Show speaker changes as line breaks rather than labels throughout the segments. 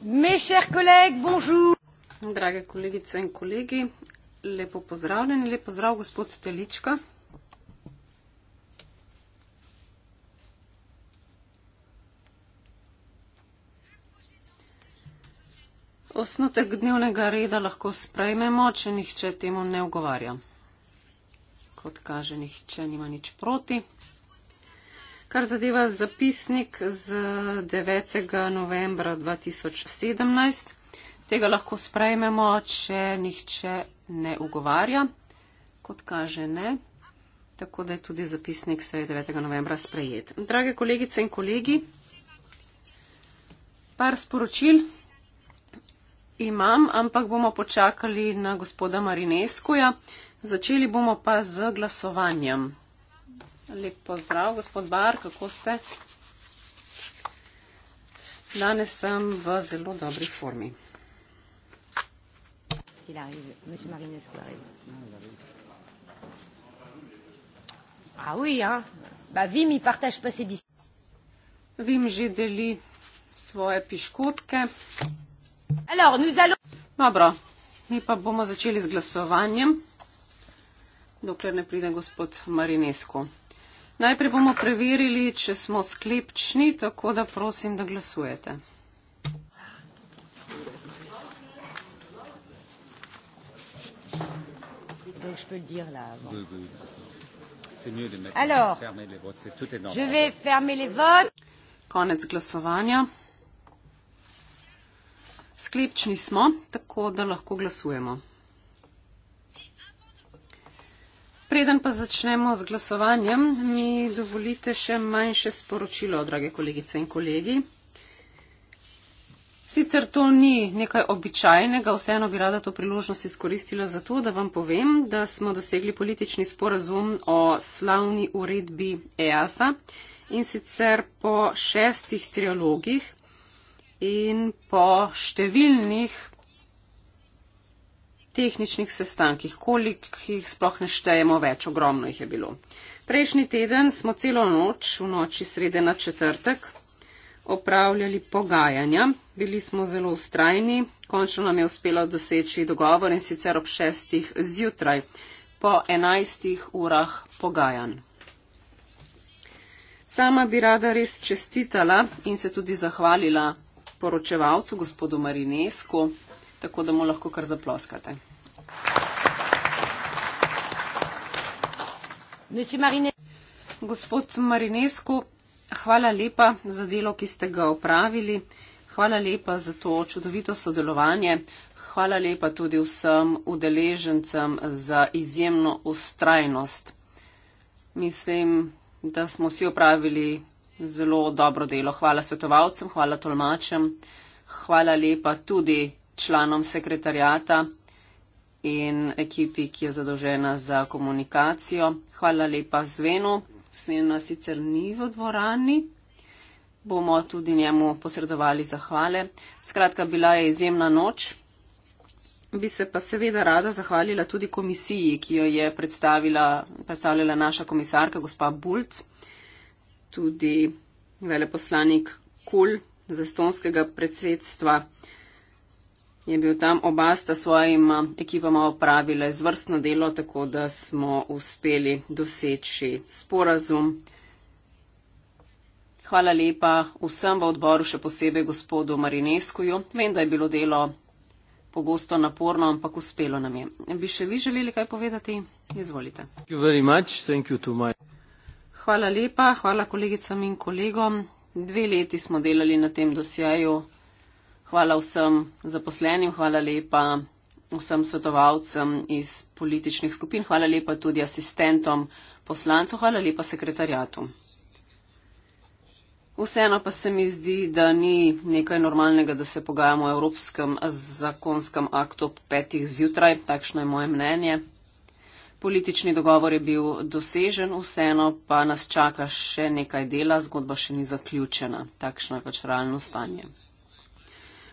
Drage kolegice in kolegi, lepo pozdravljeni, lepo zdrav gospod Telička. Osnotek dnevnega reda lahko sprejmemo, če nihče temu ne ogovarja. Kot kaže, nihče nima nič proti kar zadeva zapisnik z 9. novembra 2017. Tega lahko sprejmemo, če nihče ne ugovarja, kot kaže ne. Tako da je tudi zapisnik se 9. novembra sprejet. Drage kolegice in kolegi, par sporočil imam, ampak bomo počakali na gospoda Marineskoja. Začeli bomo pa z glasovanjem. Lep pozdrav, gospod Bar, kako ste? Danes sem v zelo dobri formi.
Ah Vim
že deli svoje piškotke. Dobro, mi pa bomo začeli z glasovanjem, dokler ne pride gospod Marinesko. Najprej bomo preverili, če smo sklepčni, tako da prosim, da glasujete. Konec glasovanja. Sklepčni smo, tako da lahko glasujemo. Preden pa začnemo z glasovanjem, mi dovolite še manjše sporočilo, drage kolegice in kolegi. Sicer to ni nekaj običajnega, vseeno bi rada to priložnost izkoristila za to, da vam povem, da smo dosegli politični sporazum o slavni uredbi EASA in sicer po šestih trialogih in po številnih tehničnih sestankih, kolik jih sploh ne štejemo več, ogromno jih je bilo. Prejšnji teden smo celo noč, v noči srede na četrtek, opravljali pogajanja, bili smo zelo ustrajni, končno nam je uspelo doseči dogovor in sicer ob šestih zjutraj, po enajstih urah pogajanj. Sama bi rada res čestitala in se tudi zahvalila poročevalcu gospodu Marinesku tako da mu lahko kar zaploskate. Gospod Marinesku, hvala lepa za delo, ki ste ga upravili. Hvala lepa za to čudovito sodelovanje. Hvala lepa tudi vsem udeležencem za izjemno ustrajnost. Mislim, da smo vsi opravili zelo dobro delo. Hvala svetovalcem, hvala tolmačem, hvala lepa tudi članom sekretarjata in ekipi, ki je zadolžena za komunikacijo. Hvala lepa Zvenu. Svena sicer ni v dvorani, bomo tudi njemu posredovali zahvale. Skratka, bila je izjemna noč. Bi se pa seveda rada zahvalila tudi komisiji, ki jo je predstavila, predstavljala naša komisarka, gospa Bulc, tudi veleposlanik Kul z estonskega predsedstva je bil tam oba sta svojima ekipama opravila izvrstno delo, tako da smo uspeli doseči sporazum. Hvala lepa vsem v odboru, še posebej gospodu Marineskuju. Vem, da je bilo delo pogosto naporno, ampak uspelo nam je. Bi še vi želeli kaj povedati? Izvolite. Hvala lepa, hvala kolegicam in kolegom. Dve leti smo delali na tem dosjeju. Hvala vsem zaposlenim, hvala lepa vsem svetovalcem iz političnih skupin, hvala lepa tudi asistentom poslancov, hvala lepa sekretarjatu. Vseeno pa se mi zdi, da ni nekaj normalnega, da se pogajamo o evropskem zakonskem aktu ob petih zjutraj, takšno je moje mnenje. Politični dogovor je bil dosežen, vseeno pa nas čaka še nekaj dela, zgodba še ni zaključena, takšno je pač realno stanje.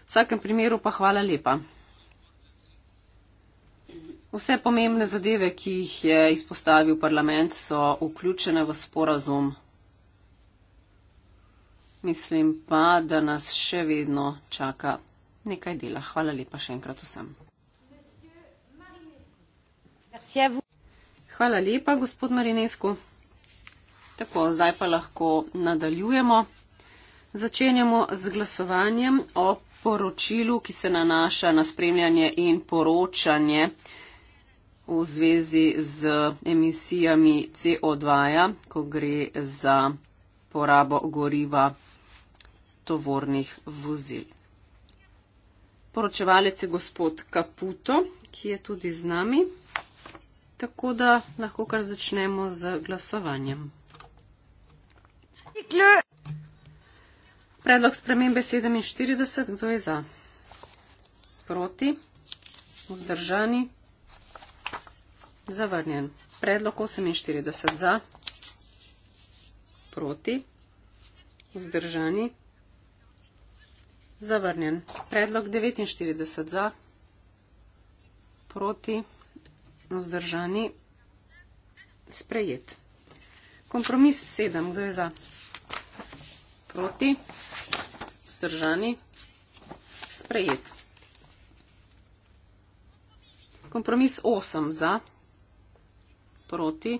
V vsakem primeru pa hvala lepa. Vse pomembne zadeve, ki jih je izpostavil parlament, so vključene v sporazum. Mislim pa, da nas še vedno čaka nekaj dela. Hvala lepa še enkrat vsem. Hvala lepa, gospod Marinesku. Tako, zdaj pa lahko nadaljujemo. Začenjamo z glasovanjem ob poročilu, ki se nanaša na spremljanje in poročanje v zvezi z emisijami CO2, ko gre za porabo goriva tovornih vozil. Poročevalec je gospod Kaputo, ki je tudi z nami, tako da lahko kar začnemo z glasovanjem. Ciklo. Predlog spremembe 47, kdo je za? Proti, vzdržani, zavrnjen. Predlog 48 za, proti, vzdržani, zavrnjen. Predlog 49 za, proti, vzdržani, sprejet. Kompromis 7, kdo je za? Proti vzdržani. Sprejet. Kompromis 8 za, proti,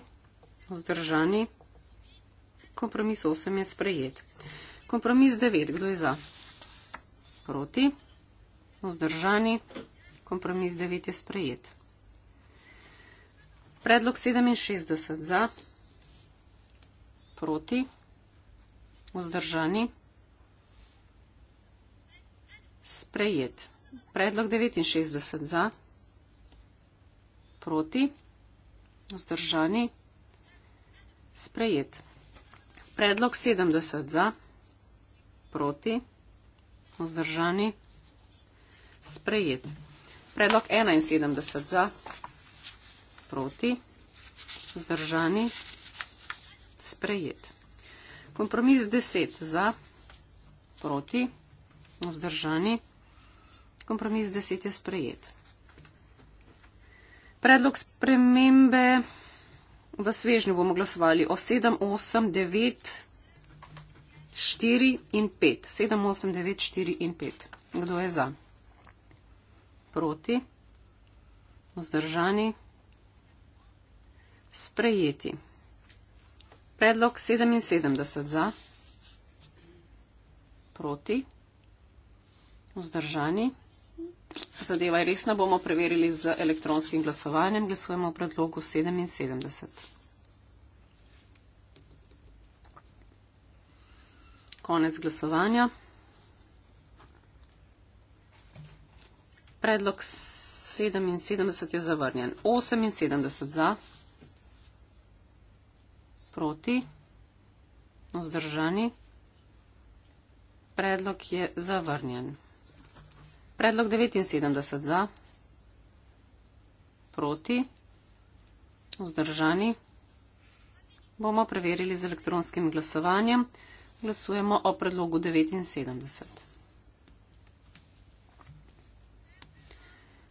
vzdržani. Kompromis 8 je sprejet. Kompromis 9, kdo je za? Proti, vzdržani. Kompromis 9 je sprejet. Predlog 67 za, proti, vzdržani. Kompromis 9 je sprejet sprejet. Predlog 69 za, proti, vzdržani, sprejet. Predlog 70 za, proti, vzdržani, sprejet. Predlog 71 za, proti, vzdržani, sprejet. Kompromis 10 za, proti, vzdržani, sprejet vzdržani. Kompromis 10 je sprejet. Predlog spremembe v svežnju bomo glasovali o 7, 8, 9, 4 in 5. 7, 8, 9, 4 in 5. Kdo je za? Proti? Vzdržani? Sprejeti. Predlog 77 za? Proti? Vzdržani. Zadeva je resna, bomo preverili z elektronskim glasovanjem. Glasujemo o predlogu 77. Konec glasovanja. Predlog 77 je zavrnjen. 78 za, proti, vzdržani. Predlog je zavrnjen. Predlog 79 za, proti, vzdržani. Bomo preverili z elektronskim glasovanjem. Glasujemo o predlogu 79.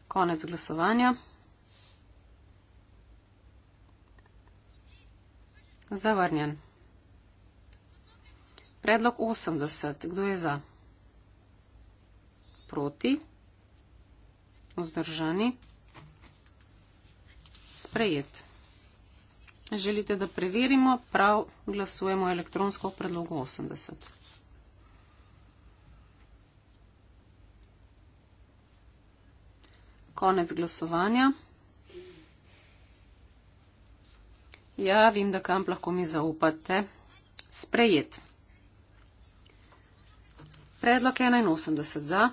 Konec glasovanja. Zavrnjen. Predlog 80. Kdo je za? proti, vzdržani, sprejet. Želite, da preverimo, prav glasujemo elektronsko v predlogu 80. Konec glasovanja. Ja, vem, da kam lahko mi zaupate. Sprejet. Predlog 81 za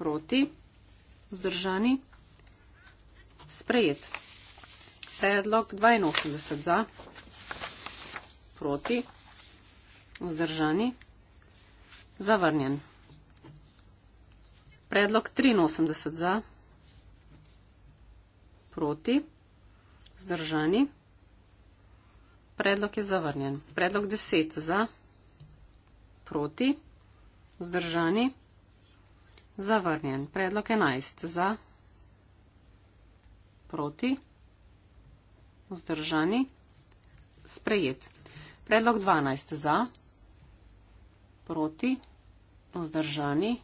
proti, vzdržani, sprejet. Predlog 82 za, proti, vzdržani, zavrnjen. Predlog 83 za, proti, vzdržani, predlog je zavrnjen. Predlog 10 za, proti, vzdržani, zavrnjen. Zavrnjen. Predlog 11. Za. Proti. Vzdržani. Sprejet. Predlog 12. Za. Proti. Vzdržani.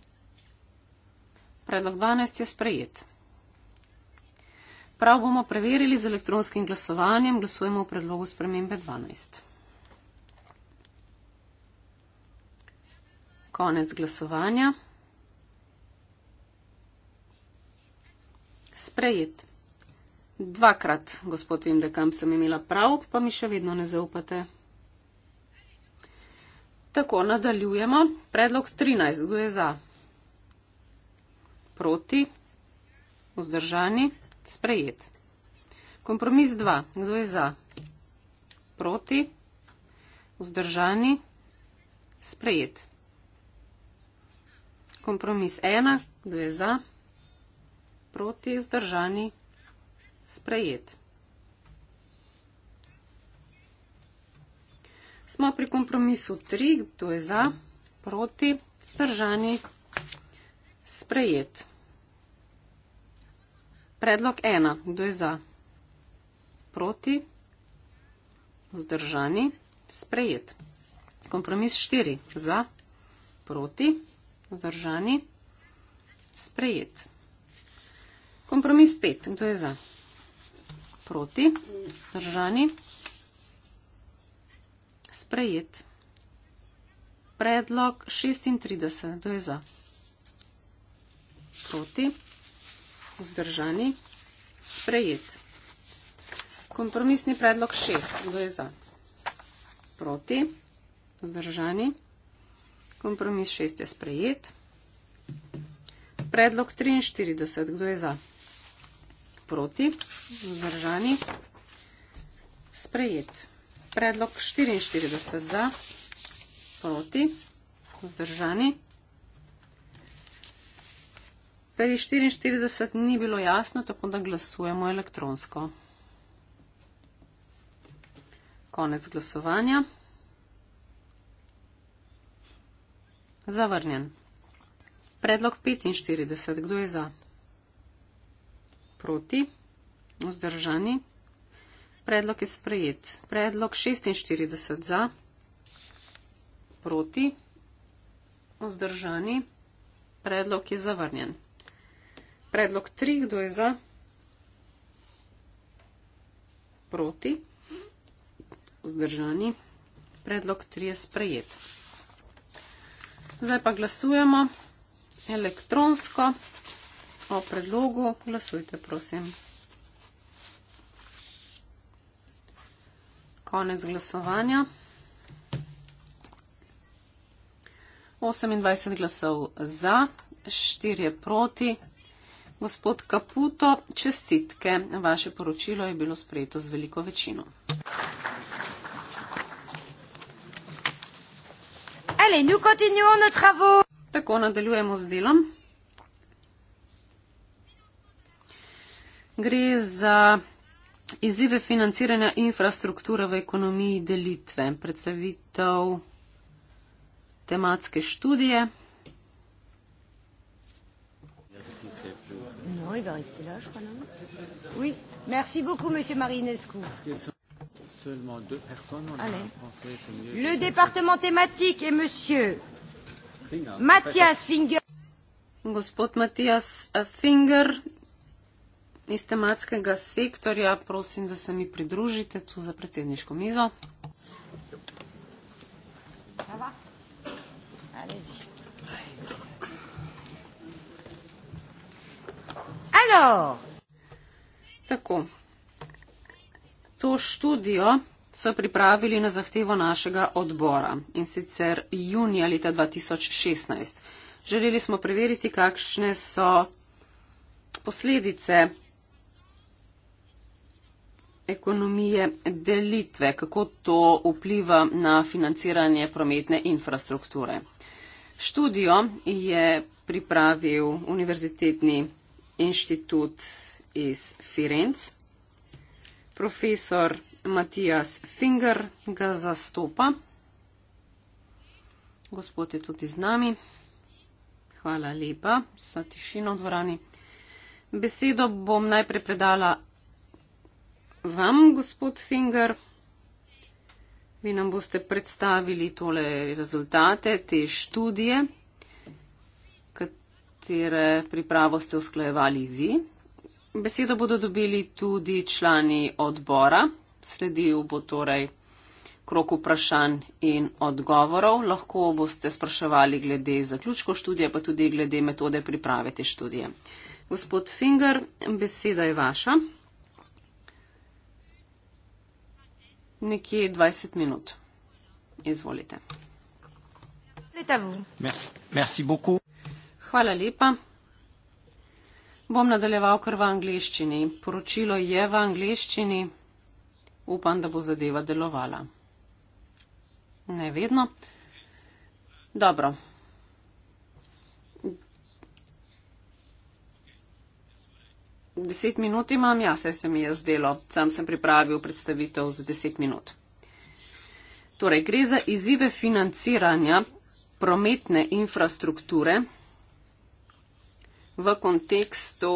Predlog 12 je sprejet. Prav bomo preverili z elektronskim glasovanjem. Glasujemo v predlogu spremembe 12. Konec glasovanja. sprejet. Dvakrat, gospod Vindekam, sem imela prav, pa mi še vedno ne zaupate. Tako nadaljujemo. Predlog 13. Kdo je za? Proti? Vzdržani? Sprejet. Kompromis 2. Kdo je za? Proti? Vzdržani? Sprejet. Kompromis 1. Kdo je za? Proti? proti, vzdržani, sprejet. Smo pri kompromisu 3, to je za, proti, vzdržani, sprejet. Predlog 1, to je za, proti, vzdržani, sprejet. Kompromis 4, za, proti, vzdržani, sprejet. Sprejet. Kompromis pet. Kdo je za? Proti. Zdržani. Sprejet. Predlog 36. Kdo je za? Proti. Vzdržani. Sprejet. Kompromisni predlog 6. Kdo je za? Proti. Vzdržani. Kompromis 6 je sprejet. Predlog 43. Kdo je za? Proti proti, zdržani, sprejet. Predlog 44 za, proti, zdržani. Pri 44 ni bilo jasno, tako da glasujemo elektronsko. Konec glasovanja. Zavrnjen. Predlog 45. Kdo je za? proti, vzdržani. Predlog je sprejet. Predlog 46 za, proti, vzdržani. Predlog je zavrnjen. Predlog 3, kdo je za, proti, vzdržani. Predlog 3 je sprejet. Zdaj pa glasujemo elektronsko o predlogu, glasujte prosim. Konec glasovanja. 28 glasov za, 4 proti. Gospod Kaputo, čestitke. Vaše poročilo je bilo sprejeto z veliko večino. Tako nadaljujemo z delom. gre za izzive financiranja infrastrukture v ekonomiji delitve, predstavitev tematske študije. Gospod Matijas Finger iz tematskega sektorja, prosim, da se mi pridružite tu za predsedniško mizo. Alo. Tako. To študijo so pripravili na zahtevo našega odbora in sicer junija leta 2016. Želeli smo preveriti, kakšne so posledice ekonomije delitve, kako to vpliva na financiranje prometne infrastrukture. Študijo je pripravil Univerzitetni inštitut iz Firenc. Profesor Matijas Finger ga zastopa. Gospod je tudi z nami. Hvala lepa za tišino v dvorani. Besedo bom najprej predala vam, gospod Finger. Vi nam boste predstavili tole rezultate te študije, katere pripravo ste usklajevali vi. Besedo bodo dobili tudi člani odbora. Sledil bo torej krok vprašanj in odgovorov. Lahko boste spraševali glede zaključkov študije, pa tudi glede metode priprave te študije. Gospod Finger, beseda je vaša. nekje 20 minut. Izvolite.
Merci beaucoup.
Hvala lepa. Bom nadaljeval kar v angliščini. Poročilo je v angliščini. Upam, da bo zadeva delovala. Ne vedno. Dobro. deset minut imam, ja, vse se mi je zdelo, sam sem pripravil predstavitev za deset minut. Torej, gre za izzive financiranja prometne infrastrukture v kontekstu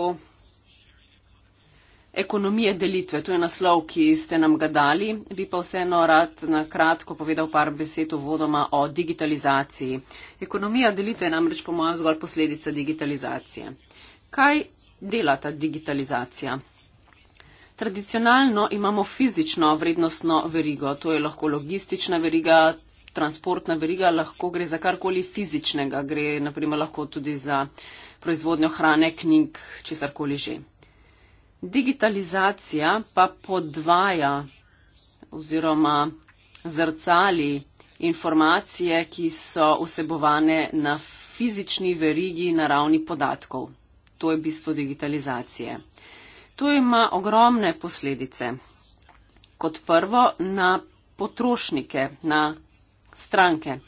ekonomije delitve. To je naslov, ki ste nam ga dali. Bi pa vseeno rad na kratko povedal par besed uvodoma o digitalizaciji. Ekonomija delitve je namreč po mojem zgolj posledica digitalizacije. Kaj dela ta digitalizacija. Tradicionalno imamo fizično vrednostno verigo, to je lahko logistična veriga, transportna veriga, lahko gre za karkoli fizičnega, gre naprimer lahko tudi za proizvodnjo hrane, knjig, česarkoli že. Digitalizacija pa podvaja oziroma zrcali informacije, ki so vsebovane na fizični verigi na ravni podatkov. To je bistvo digitalizacije. To ima ogromne posledice. Kot prvo, na potrošnike, na stranke.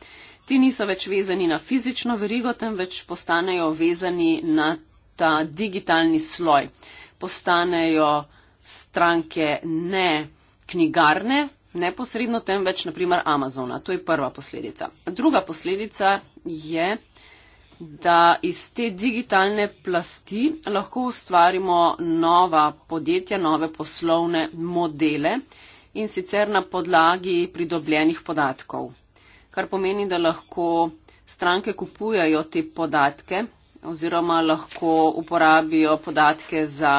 Ti niso več vezani na fizično verigo, temveč postanejo vezani na ta digitalni sloj. Postanejo stranke ne knjigarne, neposredno, temveč naprimer Amazona. To je prva posledica. Druga posledica je, da da iz te digitalne plasti lahko ustvarimo nova podjetja, nove poslovne modele in sicer na podlagi pridobljenih podatkov. Kar pomeni, da lahko stranke kupujajo te podatke oziroma lahko uporabijo podatke za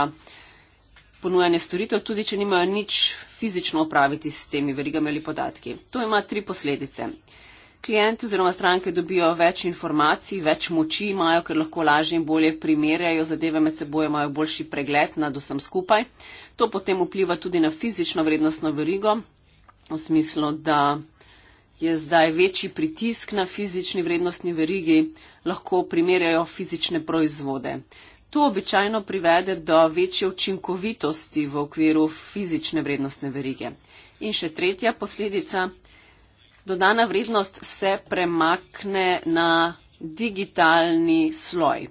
ponujanje storitev, tudi če nimajo nič fizično upraviti s temi verigami ali podatki. To ima tri posledice. Klienti oziroma stranke dobijo več informacij, več moči imajo, ker lahko lažje in bolje primerjajo zadeve med seboj, imajo boljši pregled nad vsem skupaj. To potem vpliva tudi na fizično vrednostno verigo, v smislu, da je zdaj večji pritisk na fizični vrednostni verigi, lahko primerjajo fizične proizvode. To običajno privede do večje učinkovitosti v okviru fizične vrednostne verige. In še tretja posledica dodana vrednost se premakne na digitalni sloj.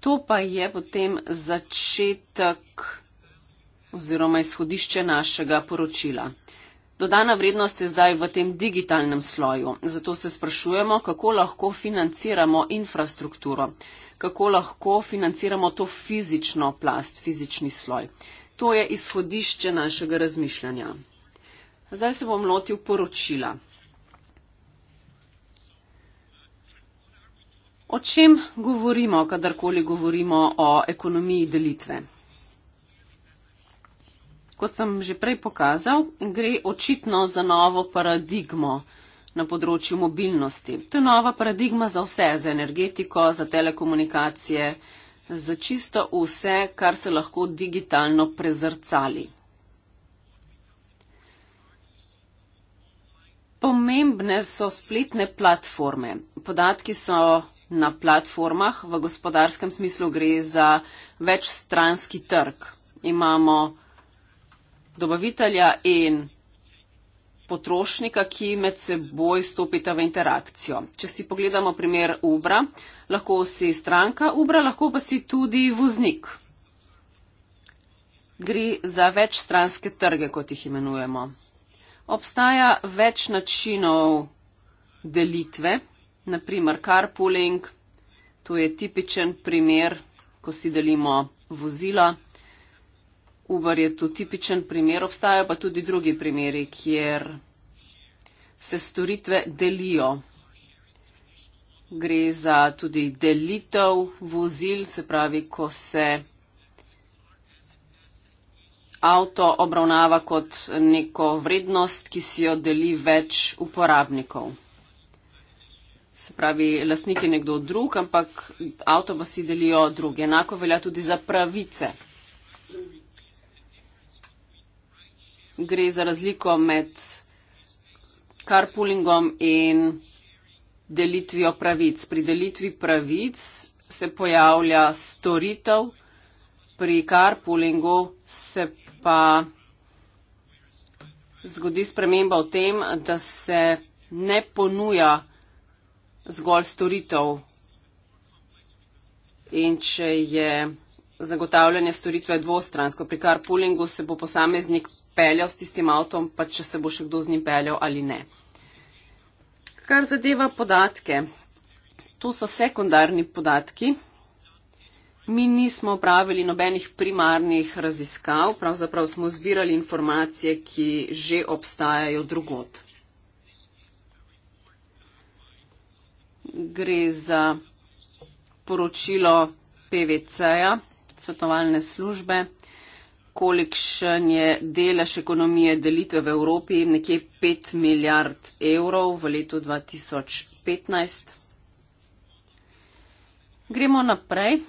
To pa je potem začetek oziroma izhodišče našega poročila. Dodana vrednost je zdaj v tem digitalnem sloju, zato se sprašujemo, kako lahko financiramo infrastrukturo, kako lahko financiramo to fizično plast, fizični sloj. To je izhodišče našega razmišljanja. Zdaj se bom lotil poročila. O čem govorimo, kadarkoli govorimo o ekonomiji delitve? Kot sem že prej pokazal, gre očitno za novo paradigmo na področju mobilnosti. To je nova paradigma za vse, za energetiko, za telekomunikacije, za čisto vse, kar se lahko digitalno prezrcali. Pomembne so spletne platforme. Podatki so na platformah, v gospodarskem smislu gre za večstranski trg. Imamo dobavitelja in potrošnika, ki med seboj stopita v interakcijo. Če si pogledamo primer Ubra, lahko si stranka Ubra, lahko pa si tudi voznik. Gre za večstranske trge, kot jih imenujemo obstaja več načinov delitve, naprimer carpooling, to je tipičen primer, ko si delimo vozila. Uber je tu tipičen primer, obstajajo pa tudi drugi primeri, kjer se storitve delijo. Gre za tudi delitev vozil, se pravi, ko se avto obravnava kot neko vrednost, ki si jo deli več uporabnikov. Se pravi, lastnik je nekdo drug, ampak avto pa si delijo drugi. Enako velja tudi za pravice. Gre za razliko med carpoolingom in delitvijo pravic. Pri delitvi pravic se pojavlja storitev, pri carpoolingu se pa zgodi sprememba v tem, da se ne ponuja zgolj storitev. In če je zagotavljanje storitve dvostransko, pri kar pulingu se bo posameznik peljal s tistim avtom, pa če se bo še kdo z njim peljal ali ne. Kar zadeva podatke, to so sekundarni podatki. Mi nismo pravili nobenih primarnih raziskav, pravzaprav smo zbirali informacije, ki že obstajajo drugot. Gre za poročilo PVC-ja, svetovalne službe, kolikšen je delež ekonomije delitve v Evropi, nekje 5 milijard evrov v letu 2015. Gremo naprej.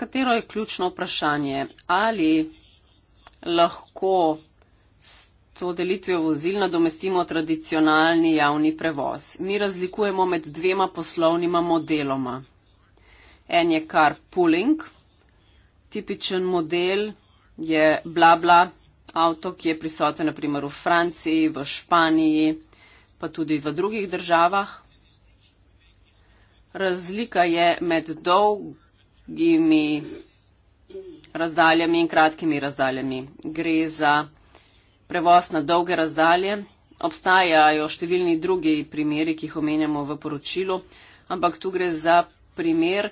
katero je ključno vprašanje, ali lahko s to delitvijo vozil nadomestimo tradicionalni javni prevoz. Mi razlikujemo med dvema poslovnima modeloma. En je kar pulling, tipičen model je blabla avto, ki je prisoten naprimer v Franciji, v Španiji, pa tudi v drugih državah. Razlika je med dolgo dolgimi razdaljami in kratkimi razdaljami. Gre za prevoz na dolge razdalje. Obstajajo številni drugi primeri, ki jih omenjamo v poročilu, ampak tu gre za primer,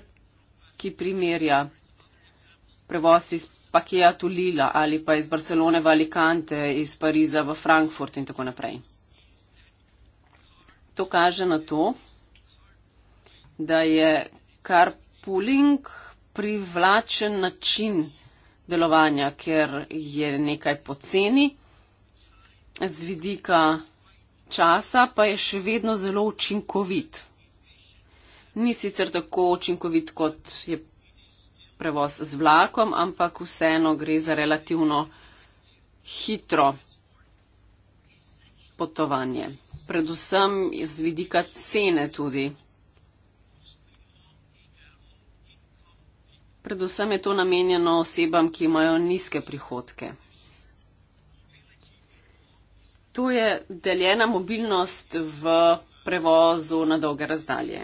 ki primerja prevoz iz Pakeja Tulila ali pa iz Barcelone v Alicante, iz Pariza v Frankfurt in tako naprej. To kaže na to, da je kar pooling privlačen način delovanja, ker je nekaj poceni, z vidika časa pa je še vedno zelo učinkovit. Ni sicer tako učinkovit, kot je prevoz z vlakom, ampak vseeno gre za relativno hitro potovanje. Predvsem z vidika cene tudi. Predvsem je to namenjeno osebam, ki imajo nizke prihodke. Tu je deljena mobilnost v prevozu na dolge razdalje.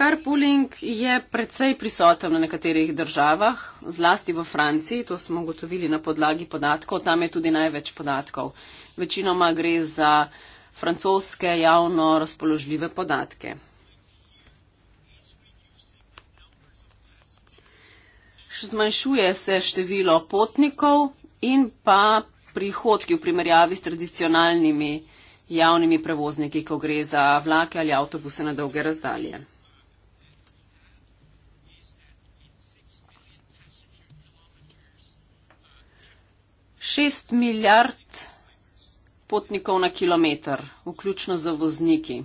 Carpooling je precej prisoten v nekaterih državah, zlasti v Franciji, to smo ugotovili na podlagi podatkov, tam je tudi največ podatkov. Večinoma gre za francoske javno razpoložljive podatke. Zmanjšuje se število potnikov in pa prihodki v primerjavi s tradicionalnimi javnimi prevozniki, ko gre za vlake ali avtobuse na dolge razdalje. Šest milijard potnikov na kilometr, vključno za vozniki.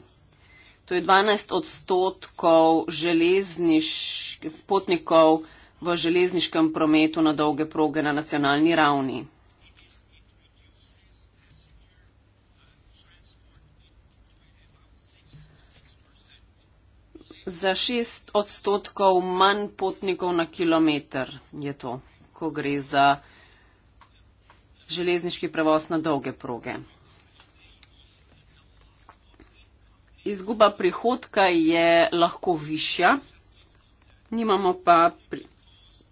To je 12 odstotkov potnikov v železniškem prometu na dolge proge na nacionalni ravni. Za 6 odstotkov manj potnikov na kilometr je to, ko gre za železniški prevoz na dolge proge. izguba prihodka je lahko višja, nimamo pa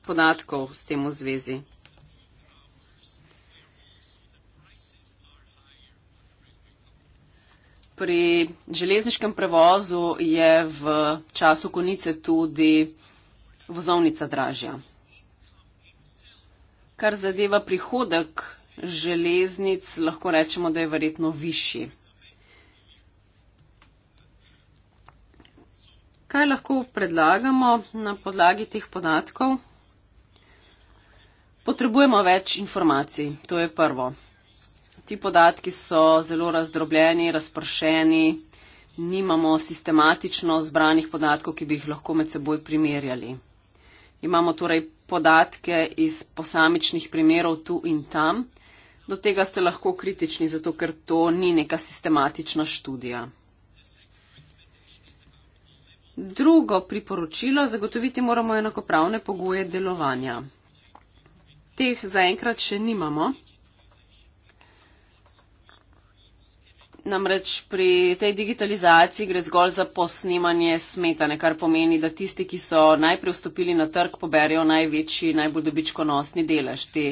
podatkov s tem v zvezi. Pri železniškem prevozu je v času konice tudi vozovnica dražja. Kar zadeva prihodek železnic, lahko rečemo, da je verjetno višji. Kaj lahko predlagamo na podlagi teh podatkov? Potrebujemo več informacij, to je prvo. Ti podatki so zelo razdrobljeni, razpršeni, nimamo sistematično zbranih podatkov, ki bi jih lahko med seboj primerjali. Imamo torej podatke iz posamičnih primerov tu in tam. Do tega ste lahko kritični, zato ker to ni neka sistematična študija. Drugo priporočilo, zagotoviti moramo enakopravne pogoje delovanja. Teh zaenkrat še nimamo. Namreč pri tej digitalizaciji gre zgolj za posnemanje smetane, kar pomeni, da tisti, ki so najprej vstopili na trg, poberijo največji, najbolj dobičkonosni delež te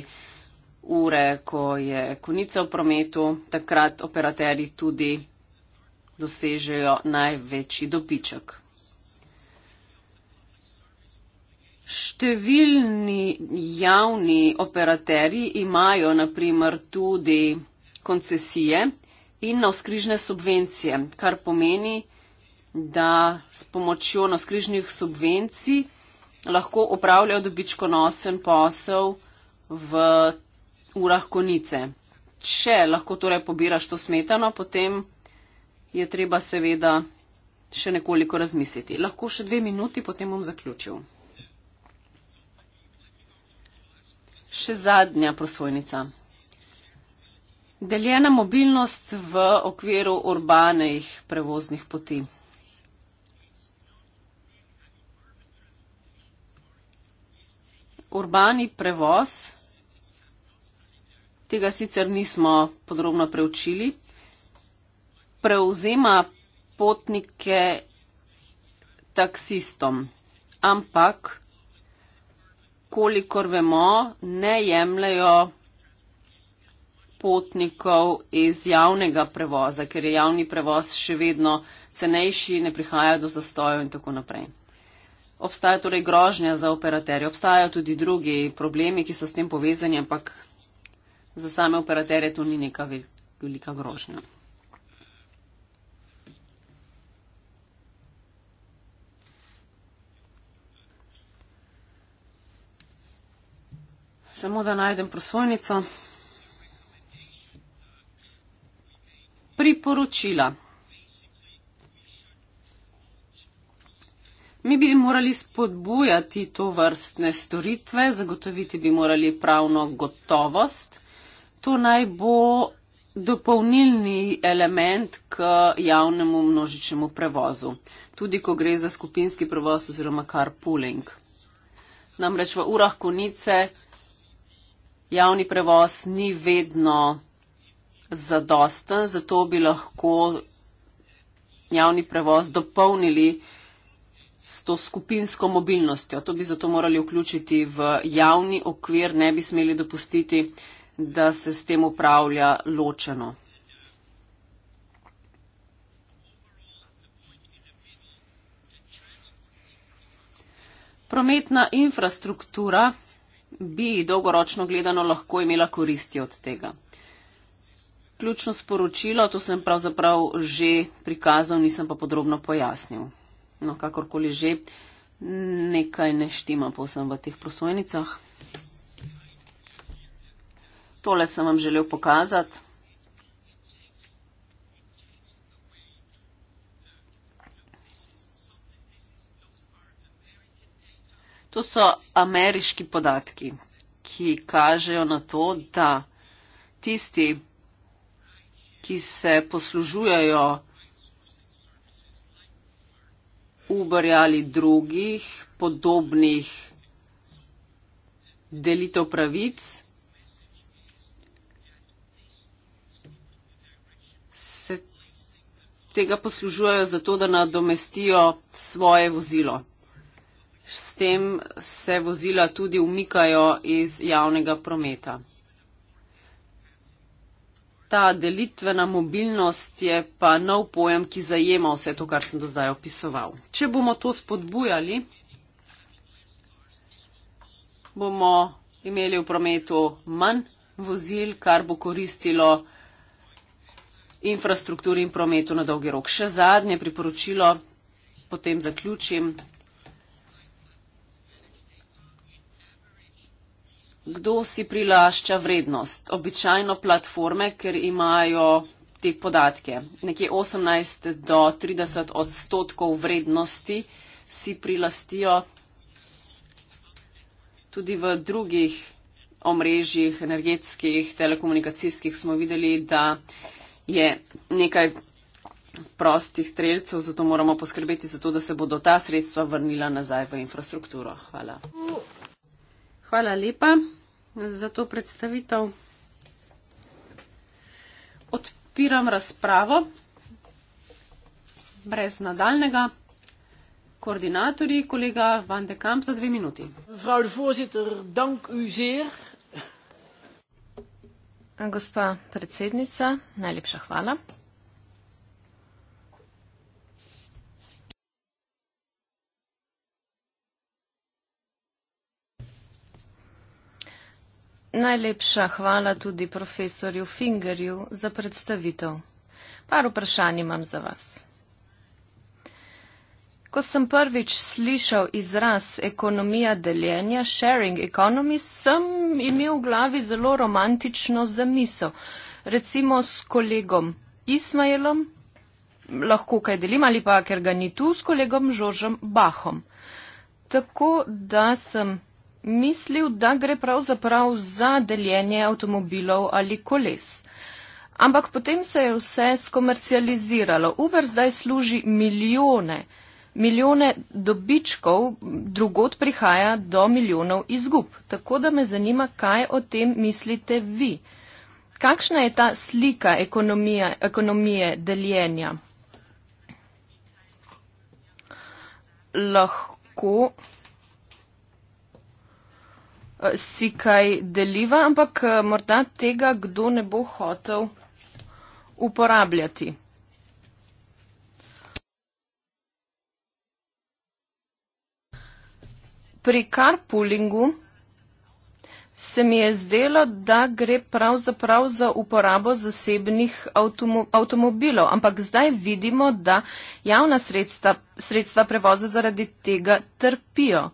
ure, ko je konica v prometu, takrat operaterji tudi dosežejo največji dobiček. Številni javni operaterji imajo naprimer tudi koncesije in navskrižne subvencije, kar pomeni, da s pomočjo navskrižnih subvencij lahko upravljajo dobičkonosen posel v urah konice. Če lahko torej pobiraš to smetano, potem je treba seveda še nekoliko razmisliti. Lahko še dve minuti, potem bom zaključil. še zadnja prosojnica. Deljena mobilnost v okviru urbanih prevoznih poti. Urbani prevoz, tega sicer nismo podrobno preučili, prevzema potnike taksistom, ampak kolikor vemo, ne jemljajo potnikov iz javnega prevoza, ker je javni prevoz še vedno cenejši, ne prihaja do zastojev in tako naprej. Obstaja torej grožnja za operaterje, obstajajo tudi drugi problemi, ki so s tem povezani, ampak za same operaterje to ni neka velika grožnja. samo da najdem prosojnico. Priporočila. Mi bi morali spodbujati to vrstne storitve, zagotoviti bi morali pravno gotovost. To naj bo dopolnilni element k javnemu množičnemu prevozu, tudi ko gre za skupinski prevoz oziroma carpooling. Namreč v urah konice javni prevoz ni vedno zadosten, zato bi lahko javni prevoz dopolnili s to skupinsko mobilnostjo. To bi zato morali vključiti v javni okvir, ne bi smeli dopustiti, da se s tem upravlja ločeno. Prometna infrastruktura bi dolgoročno gledano lahko imela koristi od tega. Ključno sporočilo, to sem pravzaprav že prikazal, nisem pa podrobno pojasnil. No, kakorkoli že, nekaj ne štima povsem v teh prosojnicah. Tole sem vam želel pokazati. To so ameriški podatki, ki kažejo na to, da tisti, ki se poslužujejo Uber ali drugih podobnih delitev pravic, se tega poslužujejo zato, da nadomestijo svoje vozilo s tem se vozila tudi umikajo iz javnega prometa. Ta delitvena mobilnost je pa nov pojem, ki zajema vse to, kar sem do zdaj opisoval. Če bomo to spodbujali, bomo imeli v prometu manj vozil, kar bo koristilo infrastrukturi in prometu na dolgi rok. Še zadnje priporočilo, potem zaključim. kdo si prilašča vrednost, običajno platforme, ker imajo te podatke. Nekje 18 do 30 odstotkov vrednosti si prilastijo tudi v drugih omrežjih, energetskih, telekomunikacijskih smo videli, da je nekaj prostih streljcev, zato moramo poskrbeti za to, da se bodo ta sredstva vrnila nazaj v infrastrukturo. Hvala. Hvala lepa za to predstavitev. Odpiram razpravo brez nadaljnega. Koordinatorji, kolega Van de Kamp za dve minuti.
Mevrouw de voorzitter, dank u zeer. Gospa predsednica, najlepša hvala. Najlepša hvala tudi profesorju Fingerju za predstavitev. Par vprašanj imam za vas. Ko sem prvič slišal izraz ekonomija deljenja, sharing economy, sem imel v glavi zelo romantično zamisel. Recimo s kolegom Ismailom, lahko kaj delim ali pa, ker ga ni tu, s kolegom Žoržem Bahom. Tako da sem mislil, da gre pravzaprav za deljenje avtomobilov ali koles. Ampak potem se je vse skomercializiralo. Uber zdaj služi milijone, milijone dobičkov, drugot prihaja do milijonov izgub. Tako da me zanima, kaj o tem mislite vi. Kakšna je ta slika ekonomije, ekonomije deljenja? Lahko Eh, si kaj deliva, ampak eh, morda tega, kdo ne bo hotel uporabljati. Pri carpoolingu se mi je zdelo, da gre pravzaprav za uporabo zasebnih avtom avtomobilov, ampak zdaj vidimo, da javna sredstva, sredstva prevoza zaradi tega trpijo.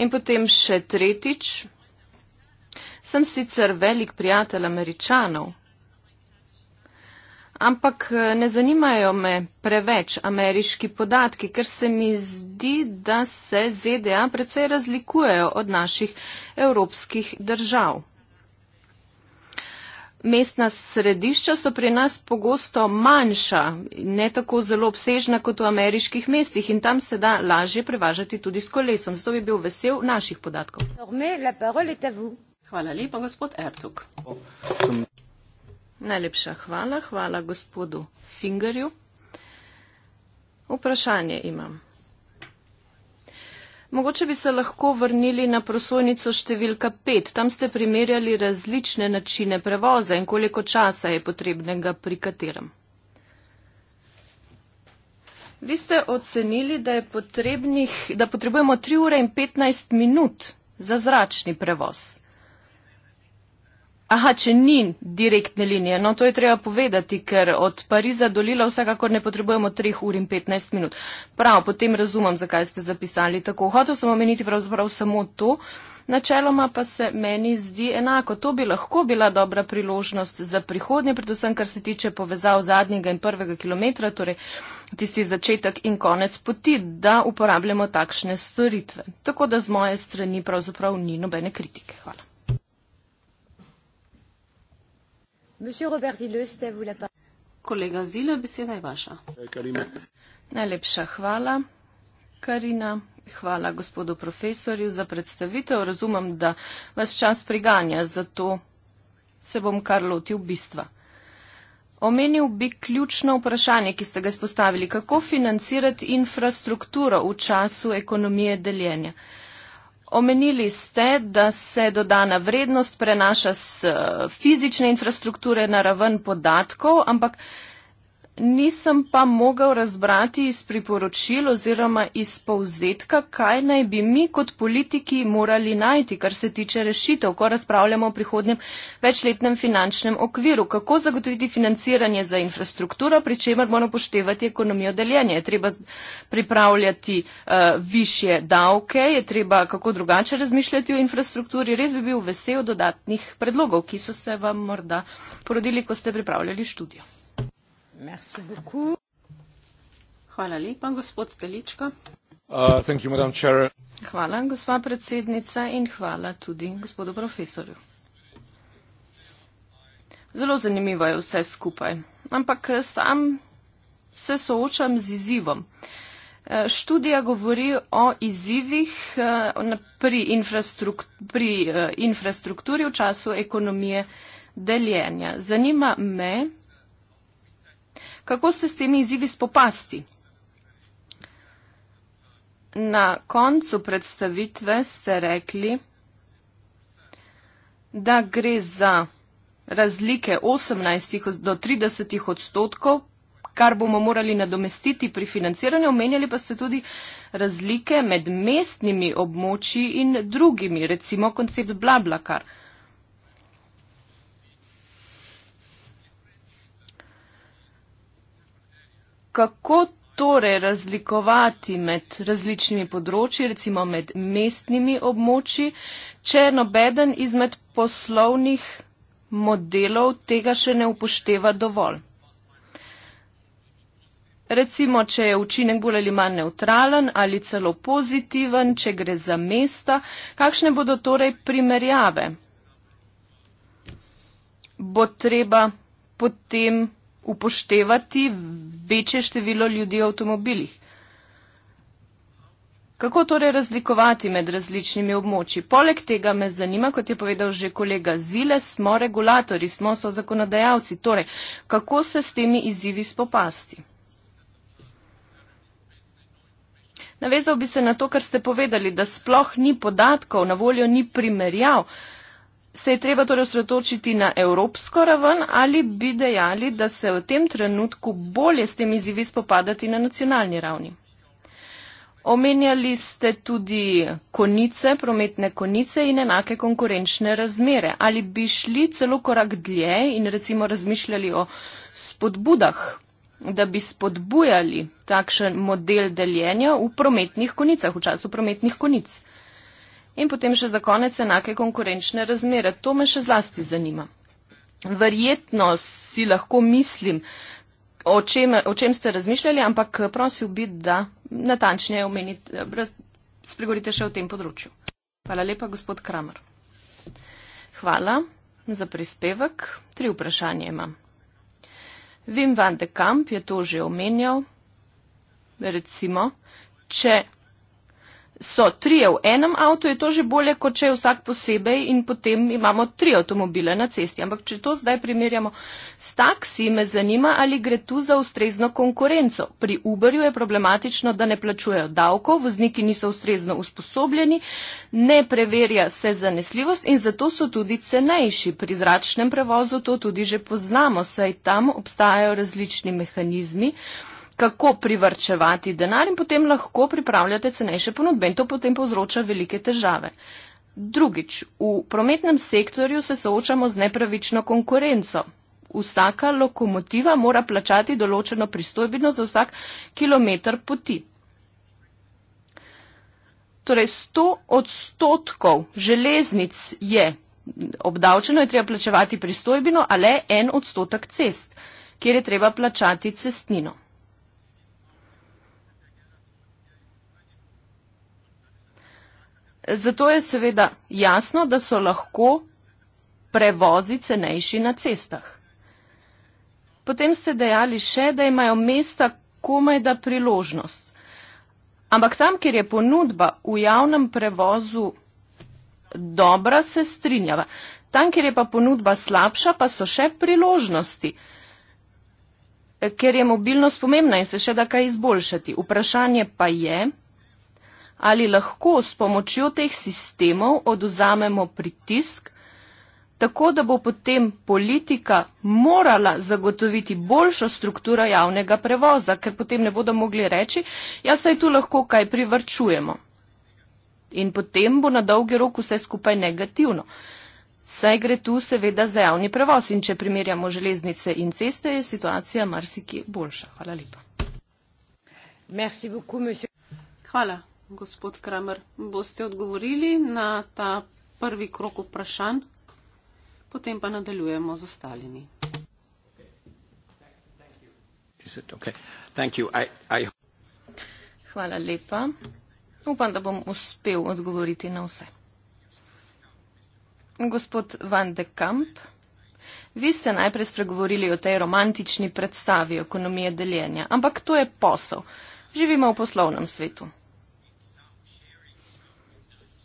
In potem še tretjič, sem sicer velik prijatelj američanov, ampak eh, ne zanimajo me preveč ameriški podatki, ker se mi zdi, da se ZDA precej razlikujejo od naših evropskih držav mestna središča so pri nas pogosto manjša, ne tako zelo obsežna kot v ameriških mestih in tam se da lažje prevažati tudi s kolesom. Zato bi bil vesel naših podatkov. Hvala lepa, gospod Ertug. Najlepša hvala, hvala gospodu Fingerju. Vprašanje imam. Mogoče bi se lahko vrnili na prosojnico številka 5. Tam ste primerjali različne načine prevoza in koliko časa je potrebnega pri katerem. Vi ste ocenili, da, da potrebujemo 3 ure in 15 minut za zračni prevoz. Aha, če ni direktne linije, no to je treba povedati, ker od Pariza do Lila vsekakor ne potrebujemo 3 ur in 15 minut. Prav, potem razumem, zakaj ste zapisali tako. Hotel sem omeniti pravzaprav samo to. Načeloma pa se meni zdi enako. To bi lahko bila dobra priložnost za prihodnje, predvsem kar se tiče povezav zadnjega in prvega kilometra, torej tisti začetek in konec poti, da uporabljamo takšne storitve. Tako da z moje strani pravzaprav ni nobene kritike. Hvala. Kolega Zile, beseda je vaša. Najlepša hvala, Karina. Hvala gospodu profesorju za predstavitev. Razumem, da vas čas priganja, zato se bom kar lotil bistva. Omenil bi ključno vprašanje, ki ste ga spostavili, kako financirati infrastrukturo v času ekonomije deljenja. Omenili ste, da se dodana vrednost prenaša s eh, fizične infrastrukture na raven podatkov, ampak nisem pa mogel razbrati iz priporočil oziroma iz povzetka, kaj naj bi mi kot politiki morali najti, kar se tiče rešitev, ko razpravljamo o prihodnem večletnem finančnem okviru. Kako zagotoviti financiranje za infrastrukturo, pri čemer moramo poštevati ekonomijo deljenja. Je treba pripravljati uh, eh, više davke, je treba kako drugače razmišljati o infrastrukturi. Res bi bil vesel dodatnih predlogov, ki so se vam morda porodili, ko ste pripravljali študijo. Merci beaucoup. Hvala lepa, gospod Steličko. Uh, thank you, madam chair. Hvala, gospa predsednica, in hvala tudi gospodu profesorju. Zelo zanimivo je vse skupaj, ampak eh, sam se soočam z izzivom. Eh, študija govori o izzivih eh, pri, infrastruk pri infrastrukturi v času ekonomije deljenja. Zanima me, kako se s temi izzivi spopasti. Na koncu predstavitve ste rekli, da gre za razlike 18 do 30 odstotkov, kar bomo morali nadomestiti pri financiranju. Omenjali pa ste tudi razlike med mestnimi območji in drugimi, recimo koncept Blablakar. kako torej razlikovati med različnimi področji, recimo med mestnimi območji, če nobeden izmed poslovnih modelov tega še ne upošteva dovolj? Recimo, če je učinek bolj ali manj neutralen ali celo pozitiven, če gre za mesta, kakšne bodo torej primerjave? Bo treba potem upoštevati večje število ljudi v avtomobilih. Kako torej razlikovati med različnimi območji? Poleg tega me zanima, kot je povedal že kolega Zile, smo regulatori, smo so zakonodajalci. Torej, kako se s temi izzivi spopasti? Navezal bi se na to, kar ste povedali, da sploh ni podatkov, na voljo ni primerjav. Uh, se je treba torej osredotočiti na evropsko raven ali bi dejali, da se v tem trenutku bolje s tem izzivi spopadati na nacionalni ravni. Omenjali ste tudi konice, prometne konice in enake konkurenčne razmere. Ali bi šli celo korak dlje in recimo razmišljali o spodbudah, da bi spodbujali takšen model deljenja v prometnih konicah, v času prometnih konic? In potem še za konec enake konkurenčne razmere. To me še zlasti zanima. Verjetno si lahko mislim, o čem, o čem ste razmišljali, ampak eh, prosil bi, da natančneje omenite, eh, da spregovorite še o tem področju. Hvala lepa, gospod Kramer. Hvala za prispevek. Tri vprašanje imam. Vim van de Kamp je to že omenjal. Recimo, če so trije v enem avtu, je to že bolje, kot če je vsak posebej in potem imamo tri avtomobile na cesti. Ampak če to zdaj primerjamo s taksi, me zanima, ali gre tu za ustrezno konkurenco. Pri Uberju je problematično, da ne plačujejo davkov, vozniki niso ustrezno usposobljeni, ne preverja se zanesljivost in zato so tudi cenejši. Pri zračnem prevozu to tudi že poznamo, saj tam obstajajo različni mehanizmi kako privrčevati denar in potem lahko pripravljate cenejše ponudbe in to potem povzroča velike težave. Drugič, v prometnem sektorju se soočamo z nepravično konkurenco. Vsaka lokomotiva mora plačati določeno pristojbino za vsak kilometr poti. Torej, 100 odstotkov železnic je obdavčeno, je treba plačevati pristojbino, ali en odstotek cest, kjer je treba plačati cestnino. Zato je seveda jasno, da so lahko prevozi cenejši na cestah. Potem ste dejali še, da imajo mesta komaj da priložnost. Ampak tam, kjer je ponudba v javnem prevozu dobra, se strinjava. Tam, kjer je pa ponudba slabša, pa so še priložnosti, ker je mobilnost pomembna in se še da kaj izboljšati. Vprašanje pa je, ali lahko s pomočjo teh sistemov oduzamemo pritisk, tako da bo potem politika morala zagotoviti boljšo strukturo javnega prevoza, ker potem ne bodo mogli reči, ja, saj tu lahko kaj privrčujemo. In potem bo na dolgi rok vse skupaj negativno. Saj gre tu seveda za javni prevoz in če primerjamo železnice in ceste, je situacija marsikje boljša. Hvala lepa.
Merci beaucoup, monsieur. Hvala gospod Kramer, boste odgovorili na ta prvi krok vprašanj, potem pa nadaljujemo
z ostalimi. Hvala lepa. Upam, da bom uspel odgovoriti na vse. Gospod Van de Kamp, vi ste najprej spregovorili o tej romantični predstavi ekonomije deljenja, ampak to je posel. Živimo v poslovnem svetu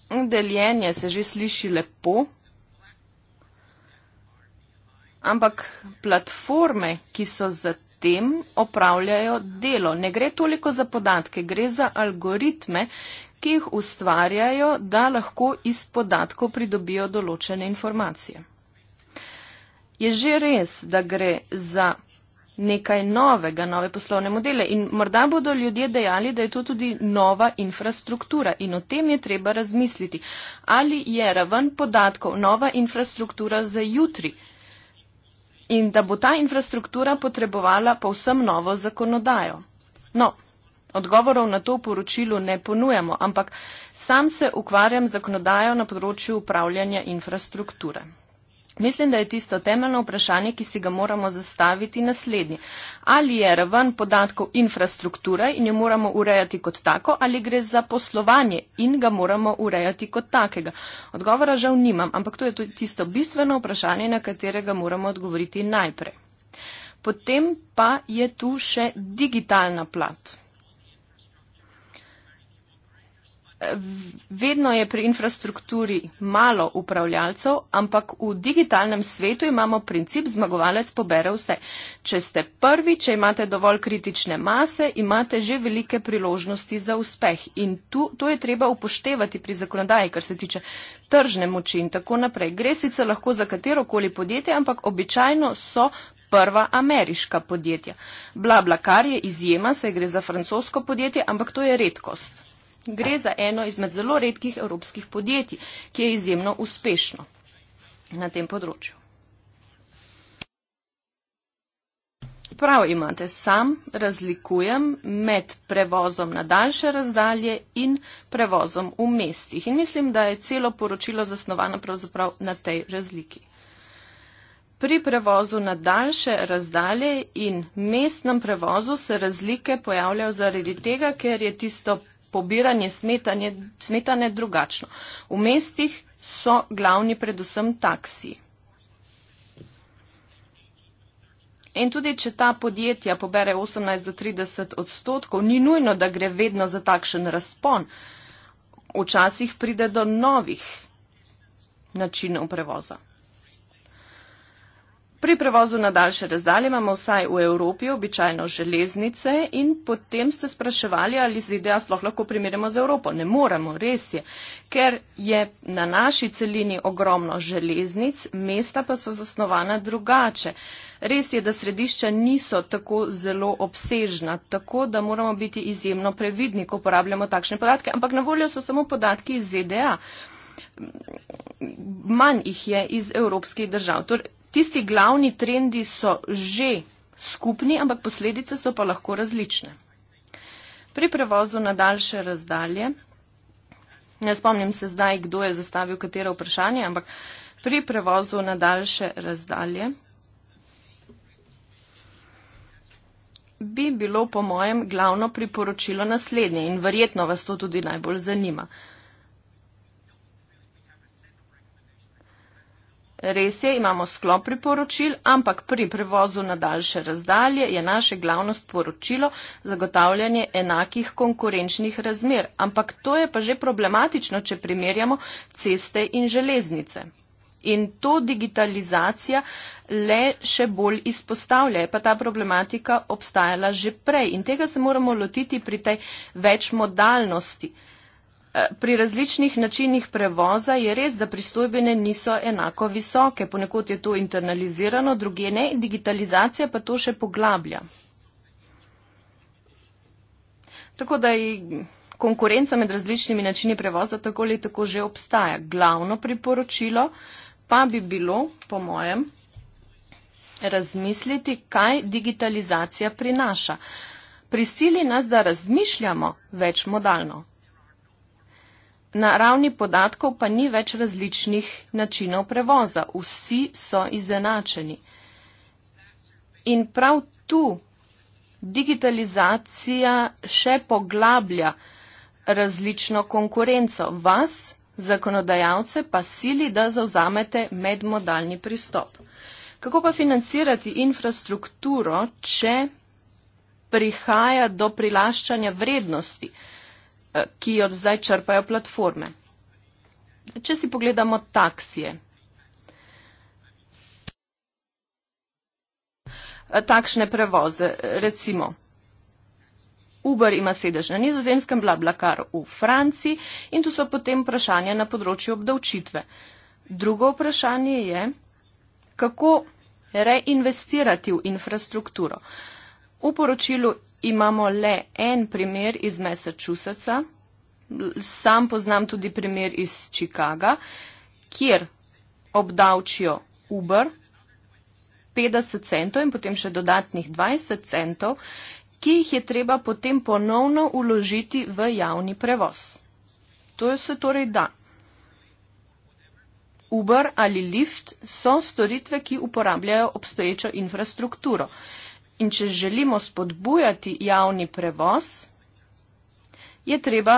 deljenje se že sliši lepo, ampak platforme, ki so za tem, opravljajo delo. Ne gre toliko za podatke, gre za algoritme, ki jih ustvarjajo, da lahko iz podatkov pridobijo določene informacije. Je že res, da gre za nekaj novega, nove poslovne modele. In morda bodo ljudje dejali, da je to tudi nova infrastruktura. In o tem je treba razmisliti. Ali je raven podatkov nova infrastruktura za jutri? In da bo ta infrastruktura potrebovala povsem novo zakonodajo. No, odgovorov na to poročilo ne ponujemo, ampak sam se ukvarjam z zakonodajo na področju upravljanja infrastrukture. Mislim, da je tisto temeljno vprašanje, ki si ga moramo zastaviti naslednji. Ali je raven podatkov infrastrukture in jo moramo urejati kot tako, ali gre za poslovanje in ga moramo urejati kot takega? Odgovora žal nimam, ampak to je tudi tisto bistveno vprašanje, na katerega moramo odgovoriti najprej. Potem pa je tu še digitalna plat. Vedno je pri infrastrukturi malo upravljalcev, ampak v digitalnem svetu imamo princip zmagovalec pobere vse. Če ste prvi, če imate dovolj kritične mase, imate že velike priložnosti za uspeh. In tu, to je treba upoštevati pri zakonodaji, kar se tiče tržne moči in tako naprej. Gre sicer lahko za katerokoli podjetje, ampak običajno so. Prva ameriška podjetja. Blablakar je izjema, saj gre za francosko podjetje, ampak to je redkost. Gre za eno izmed zelo redkih evropskih podjetij, ki je izjemno uspešno na tem področju. Prav imate, sam razlikujem med prevozom na daljše razdalje in prevozom v mestih. In mislim, da je celo poročilo zasnovano pravzaprav na tej razliki. Pri prevozu na daljše razdalje in mestnem prevozu se razlike pojavljajo zaradi tega, ker je tisto pobiranje smetanje, smetane drugačno. V mestih so glavni predvsem taksiji. In tudi, če ta podjetja pobere 18 do 30 odstotkov, ni nujno, da gre vedno za takšen razpon. Včasih pride do novih načinov prevoza. Pri prevozu na daljše razdalje imamo vsaj v Evropi običajno železnice in potem ste spraševali, ali z idejo sploh lahko primerjamo z Evropo. Ne moremo, res je, ker je na naši celini ogromno železnic, mesta pa so zasnovana drugače. Res je, da središča niso tako zelo obsežna, tako da moramo biti izjemno previdni, ko uporabljamo takšne podatke, ampak na voljo so samo podatki iz ZDA. Manj jih je iz evropskih držav. Torej, tisti glavni trendi so že skupni, ampak posledice so pa lahko različne. Pri prevozu na daljše razdalje, ne spomnim se zdaj, kdo je zastavil katero vprašanje, ampak pri prevozu na daljše razdalje bi bilo po mojem glavno priporočilo naslednje in verjetno vas to tudi najbolj zanima. Res je, imamo sklop priporočil, ampak pri prevozu na daljše razdalje je naše glavno sporočilo zagotavljanje enakih konkurenčnih razmer. Ampak to je pa že problematično, če primerjamo ceste in železnice. In to digitalizacija le še bolj izpostavlja. Je pa ta problematika obstajala že prej in tega se moramo lotiti pri tej večmodalnosti. Eh, pri različnih načinih prevoza je res, da pristojbine niso enako visoke. Ponekod je to internalizirano, druge ne. Digitalizacija pa to še poglablja. Tako da je konkurenca med različnimi načini prevoza tako ali tako že obstaja. Glavno priporočilo pa bi bilo, po mojem, razmisliti, kaj digitalizacija prinaša. Prisili nas, da razmišljamo večmodalno. Na ravni podatkov pa ni več različnih načinov prevoza. Vsi so izenačeni. In prav tu digitalizacija še poglablja različno konkurenco. Vas, zakonodajalce, pa sili, da zauzamete medmodalni pristop. Kako pa financirati infrastrukturo, če prihaja do prilaščanja vrednosti? Eh, ki jo zdaj črpajo platforme. Če si pogledamo taksije. Eh, takšne prevoze, eh, recimo. Uber ima sedež na nizozemskem, Blablacar v Franciji in tu so potem vprašanja na področju obdavčitve. Drugo vprašanje je, kako reinvestirati v infrastrukturo. Uh, V poročilu imamo le en primer iz Massachusettsa, sam poznam tudi primer iz Chicaga, kjer obdavčijo Uber 50 centov in potem še dodatnih 20 centov, ki jih je treba potem ponovno uložiti v javni prevoz. To je se torej da. Uber ali Lyft so storitve, ki uporabljajo obstoječo infrastrukturo. In če želimo spodbujati javni prevoz, je treba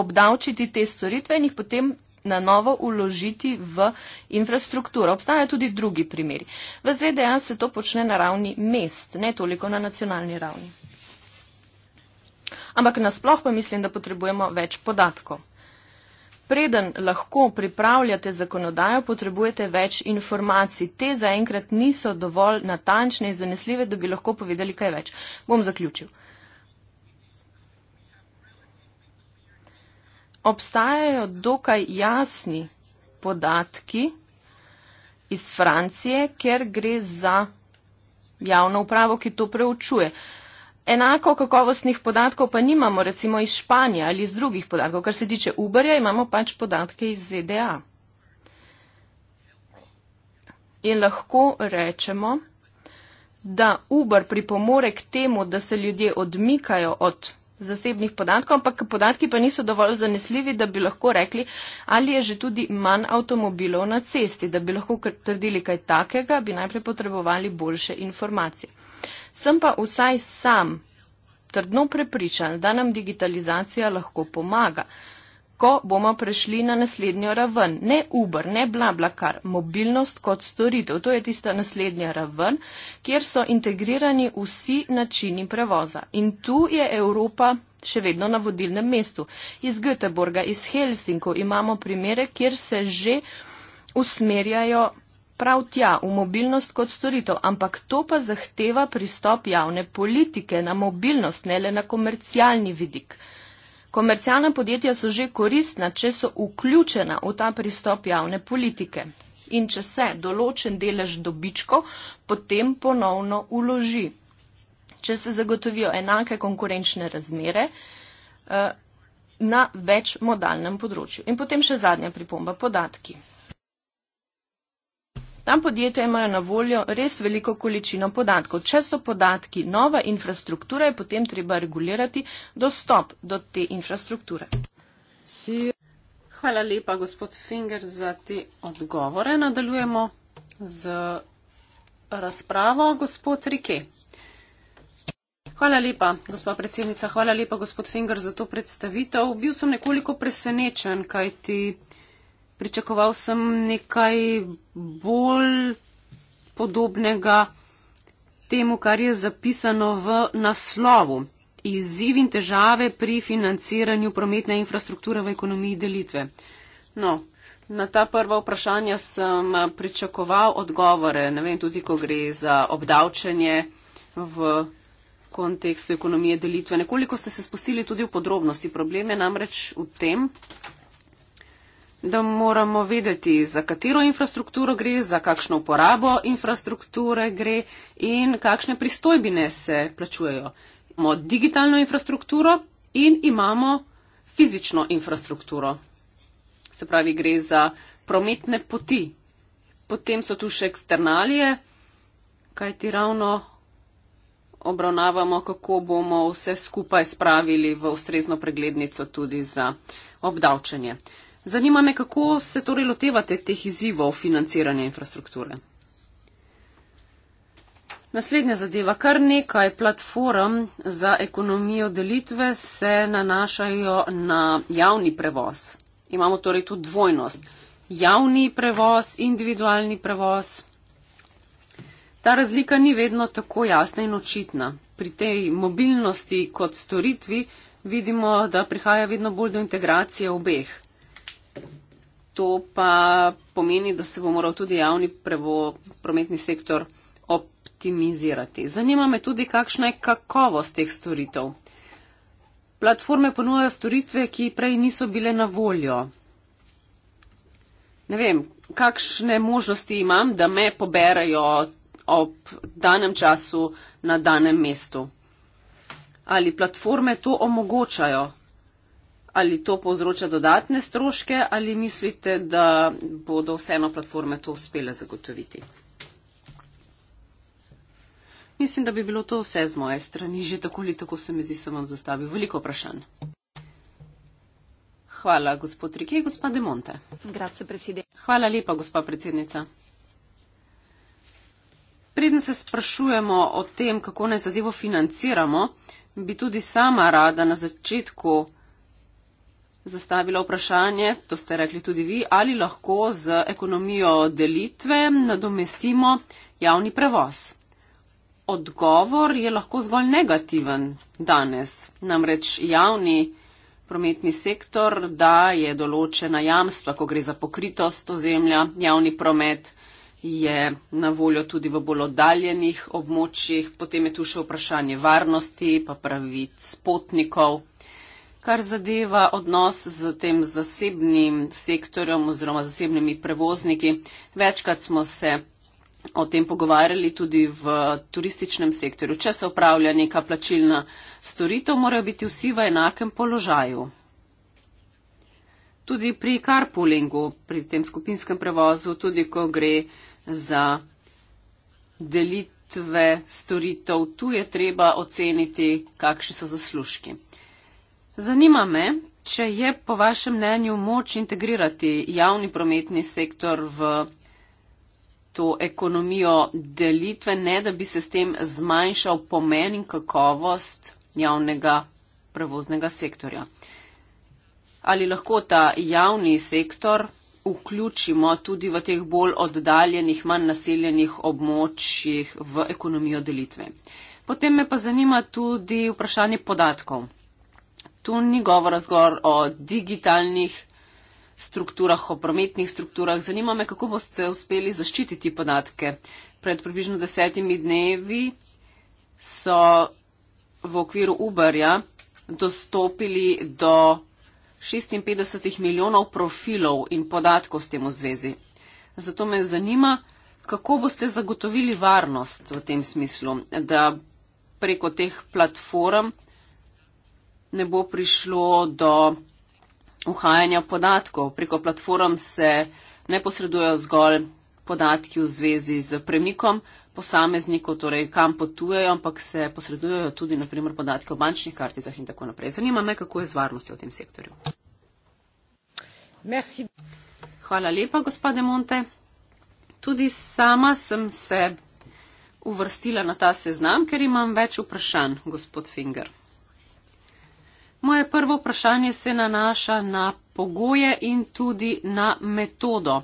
obdavčiti te storitve in jih potem na novo uložiti v infrastrukturo. Obstajajo tudi drugi primeri. V ZDA se to počne na ravni mest, ne toliko na nacionalni ravni. Ampak nasploh pa mislim, da potrebujemo več podatkov. Preden lahko pripravljate zakonodajo, potrebujete več informacij. Te zaenkrat niso dovolj natančne in zanesljive, da bi lahko povedali kaj več. Bom zaključil. Obstajajo dokaj jasni podatki iz Francije, ker gre za javno upravo, ki to preučuje. Uh, enako kakovostnih podatkov pa nimamo recimo iz Španije ali iz drugih podatkov. Kar se tiče Uberja, imamo pač podatke iz ZDA. In lahko rečemo, da Uber pripomore k temu, da se ljudje odmikajo od zasebnih podatkov, ampak podatki pa niso dovolj zanesljivi, da bi lahko rekli, ali je že tudi manj avtomobilov na cesti. Da bi lahko trdili kaj takega, bi najprej potrebovali boljše informacije. Sem pa vsaj sam trdno prepričan, da nam digitalizacija lahko pomaga. Ko bomo prešli na naslednjo raven, ne Uber, ne Blablakar, mobilnost kot storitev, to je tista naslednja raven, kjer so integrirani vsi načini prevoza. In tu je Evropa še vedno na vodilnem mestu. Iz Göteborga, iz Helsinko imamo primere, kjer se že usmerjajo prav tja, v mobilnost kot storitev, ampak to pa zahteva pristop javne politike na mobilnost, ne le na komercialni vidik. Komercialna podjetja so že koristna, če so vključena v ta pristop javne politike. In če se določen delež dobičko potem ponovno uloži. Če se zagotovijo enake konkurenčne razmere eh, na večmodalnem področju. In potem še zadnja pripomba podatki. Tam podjetja imajo na voljo res veliko količino podatkov. Če so podatki nova infrastruktura, je potem treba regulirati dostop do te infrastrukture.
Hvala lepa, gospod Finger, za te odgovore. Nadaljujemo z razpravo, gospod Rike. Hvala lepa, gospa predsednica. Hvala lepa, gospod Finger, za to predstavitev. Bil sem nekoliko presenečen, kajti pričakoval sem nekaj bolj podobnega temu, kar je zapisano v naslovu. Izziv in težave pri financiranju prometne infrastrukture v ekonomiji delitve. No, na ta prva vprašanja sem pričakoval odgovore, ne vem, tudi ko gre za obdavčenje v kontekstu ekonomije delitve. Nekoliko ste se spustili tudi v podrobnosti. Problem je namreč v tem, da moramo vedeti, za katero infrastrukturo gre, za kakšno uporabo infrastrukture gre in kakšne pristojbine se plačujejo. Imamo digitalno infrastrukturo in imamo fizično infrastrukturo. Se pravi, gre za prometne poti. Potem so tu še eksternalije, kaj ti ravno obravnavamo, kako bomo vse skupaj spravili v ustrezno preglednico tudi za obdavčenje. Zanima me, kako se torej lotevate teh izzivov financiranja infrastrukture. Naslednja zadeva. Kar nekaj platform za ekonomijo delitve se nanašajo na javni prevoz. Imamo torej tu dvojnost. Javni prevoz, individualni prevoz. Ta razlika ni vedno tako jasna in očitna. Pri tej mobilnosti kot storitvi vidimo, da prihaja vedno bolj do integracije obeh. To pa pomeni, da se bo moral tudi javni prevo, prometni sektor optimizirati. Zanima me tudi, kakšna je kakovost teh storitev. Platforme ponujajo storitve, ki prej niso bile na voljo. Ne vem, kakšne možnosti imam, da me poberajo ob danem času na danem mestu. Ali platforme to omogočajo? ali to povzroča dodatne stroške ali mislite, da bodo vseeno platforme to uspele zagotoviti? Mislim, da bi bilo to vse z moje strani. Že tako ali tako se mi zdi, sem vam zastavil veliko vprašanj. Hvala, gospod Rike, gospod Demonte. Grazie, predsednik. Hvala lepa, gospa predsednica. Preden se sprašujemo o tem, kako naj zadevo financiramo, bi tudi sama rada na začetku zastavila vprašanje, to ste rekli tudi vi, ali lahko z ekonomijo delitve nadomestimo javni prevoz. Odgovor je lahko zgolj negativen danes. Namreč javni prometni sektor daje določena jamstva, ko gre za pokritost ozemlja, javni promet je na voljo tudi v bolj oddaljenih območjih, potem je tu še vprašanje varnosti, pa pravic potnikov, kar zadeva odnos z tem zasebnim sektorjem oziroma zasebnimi prevozniki. Večkrat smo se o tem pogovarjali tudi v turističnem sektorju. Če se upravlja neka plačilna storitev, morajo biti vsi v enakem položaju. Tudi pri carpoolingu, pri tem skupinskem prevozu, tudi ko gre za delitve storitev, tu je treba oceniti, kakšni so zaslužki. Zanima me, če je po vašem mnenju moč integrirati javni prometni sektor v to ekonomijo delitve, ne da bi se s tem zmanjšal pomen in kakovost javnega prevoznega sektorja. Ali lahko ta javni sektor vključimo tudi v teh bolj oddaljenih, manj naseljenih območjih v ekonomijo delitve. Potem me pa zanima tudi vprašanje podatkov tu ni govora zgor o digitalnih strukturah, o prometnih strukturah. Zanima me, kako boste uspeli zaščititi podatke. Pred približno desetimi dnevi so v okviru Uberja dostopili do 56 milijonov profilov in podatkov s tem v zvezi. Zato me zanima, kako boste zagotovili varnost v tem smislu, da preko teh platform ne bo prišlo do uhajanja podatkov. Preko platform se ne posredujejo zgolj podatki v zvezi z premikom posameznikov, torej kam potujejo, ampak se posredujejo tudi naprimer podatki o bančnih karticah in tako naprej. Zanima me, kako je z varnostjo v tem sektorju. Merci. Hvala lepa, gospode Monte. Tudi sama sem se uvrstila na ta seznam, ker imam več vprašanj, gospod Finger. Moje prvo vprašanje se nanaša na pogoje in tudi na metodo,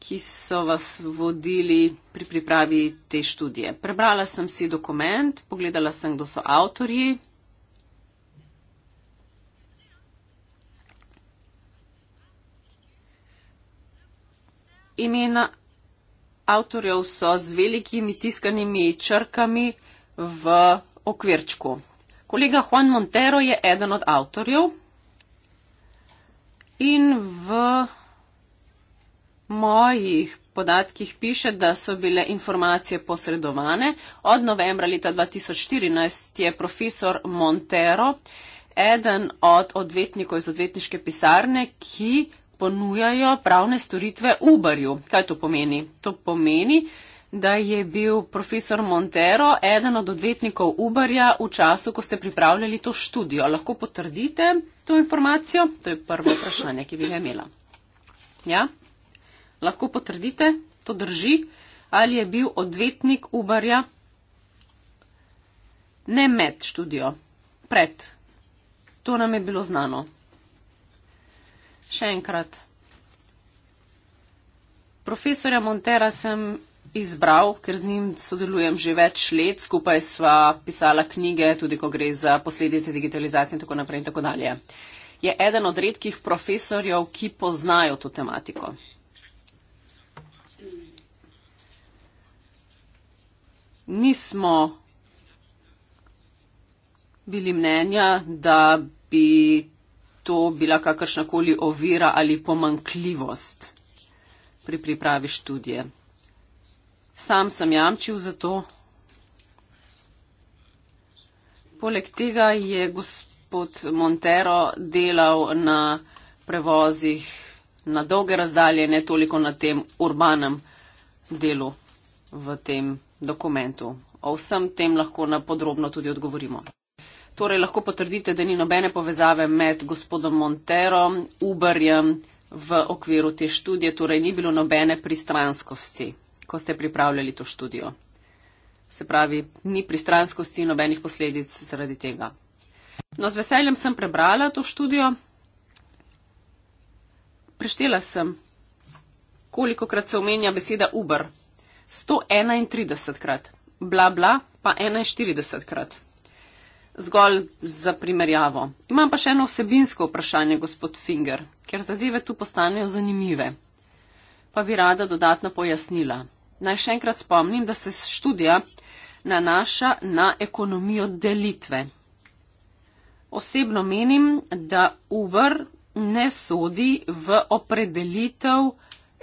ki so vas vodili pri pripravi te študije. Prebrala sem si dokument, pogledala sem, kdo so avtorji. Imena avtorjev so z velikimi tiskanimi črkami v okvirčku. Kolega Juan Montero je eden od avtorjev in v mojih podatkih piše, da so bile informacije posredovane. Od novembra leta 2014 je profesor Montero eden od odvetnikov iz odvetniške pisarne, ki ponujajo pravne storitve Uberju. Kaj to pomeni? To pomeni, da je bil profesor Montero eden od odvetnikov Uberja v času, ko ste pripravljali to študijo. Lahko potrdite to informacijo? To je prvo vprašanje, ki bi ga imela. Ja? Lahko potrdite, to drži, ali je bil odvetnik Uberja ne med študijo, pred. To nam je bilo znano. Še enkrat. Profesorja Montera sem izbral, ker z njim sodelujem že več let, skupaj sva pisala knjige, tudi ko gre za posledice digitalizacije in tako naprej in tako dalje. Je eden od redkih profesorjev, ki poznajo to tematiko. Nismo bili mnenja, da bi to bila kakršnakoli ovira ali pomankljivost pri pripravi študije. Sam sem jamčil za to. Poleg tega je gospod Montero delal na prevozih na dolge razdalje, ne toliko na tem urbanem delu v tem dokumentu. O vsem tem lahko na podrobno tudi odgovorimo. Torej lahko potrdite, da ni nobene povezave med gospodom Monterom, Uberjem v okviru te študije, torej ni bilo nobene pristranskosti ko ste pripravljali to študijo. Se pravi, ni pristranskosti in nobenih posledic zaradi tega. No, z veseljem sem prebrala to študijo. Preštela sem, kolikokrat se omenja beseda Uber. 131 krat, bla bla pa 41 krat. Zgolj za primerjavo. Imam pa še eno vsebinsko vprašanje, gospod Finger, ker zadeve tu postanejo zanimive. Pa bi rada dodatno pojasnila naj še enkrat spomnim, da se študija nanaša na ekonomijo delitve. Osebno menim, da Uber ne sodi v opredelitev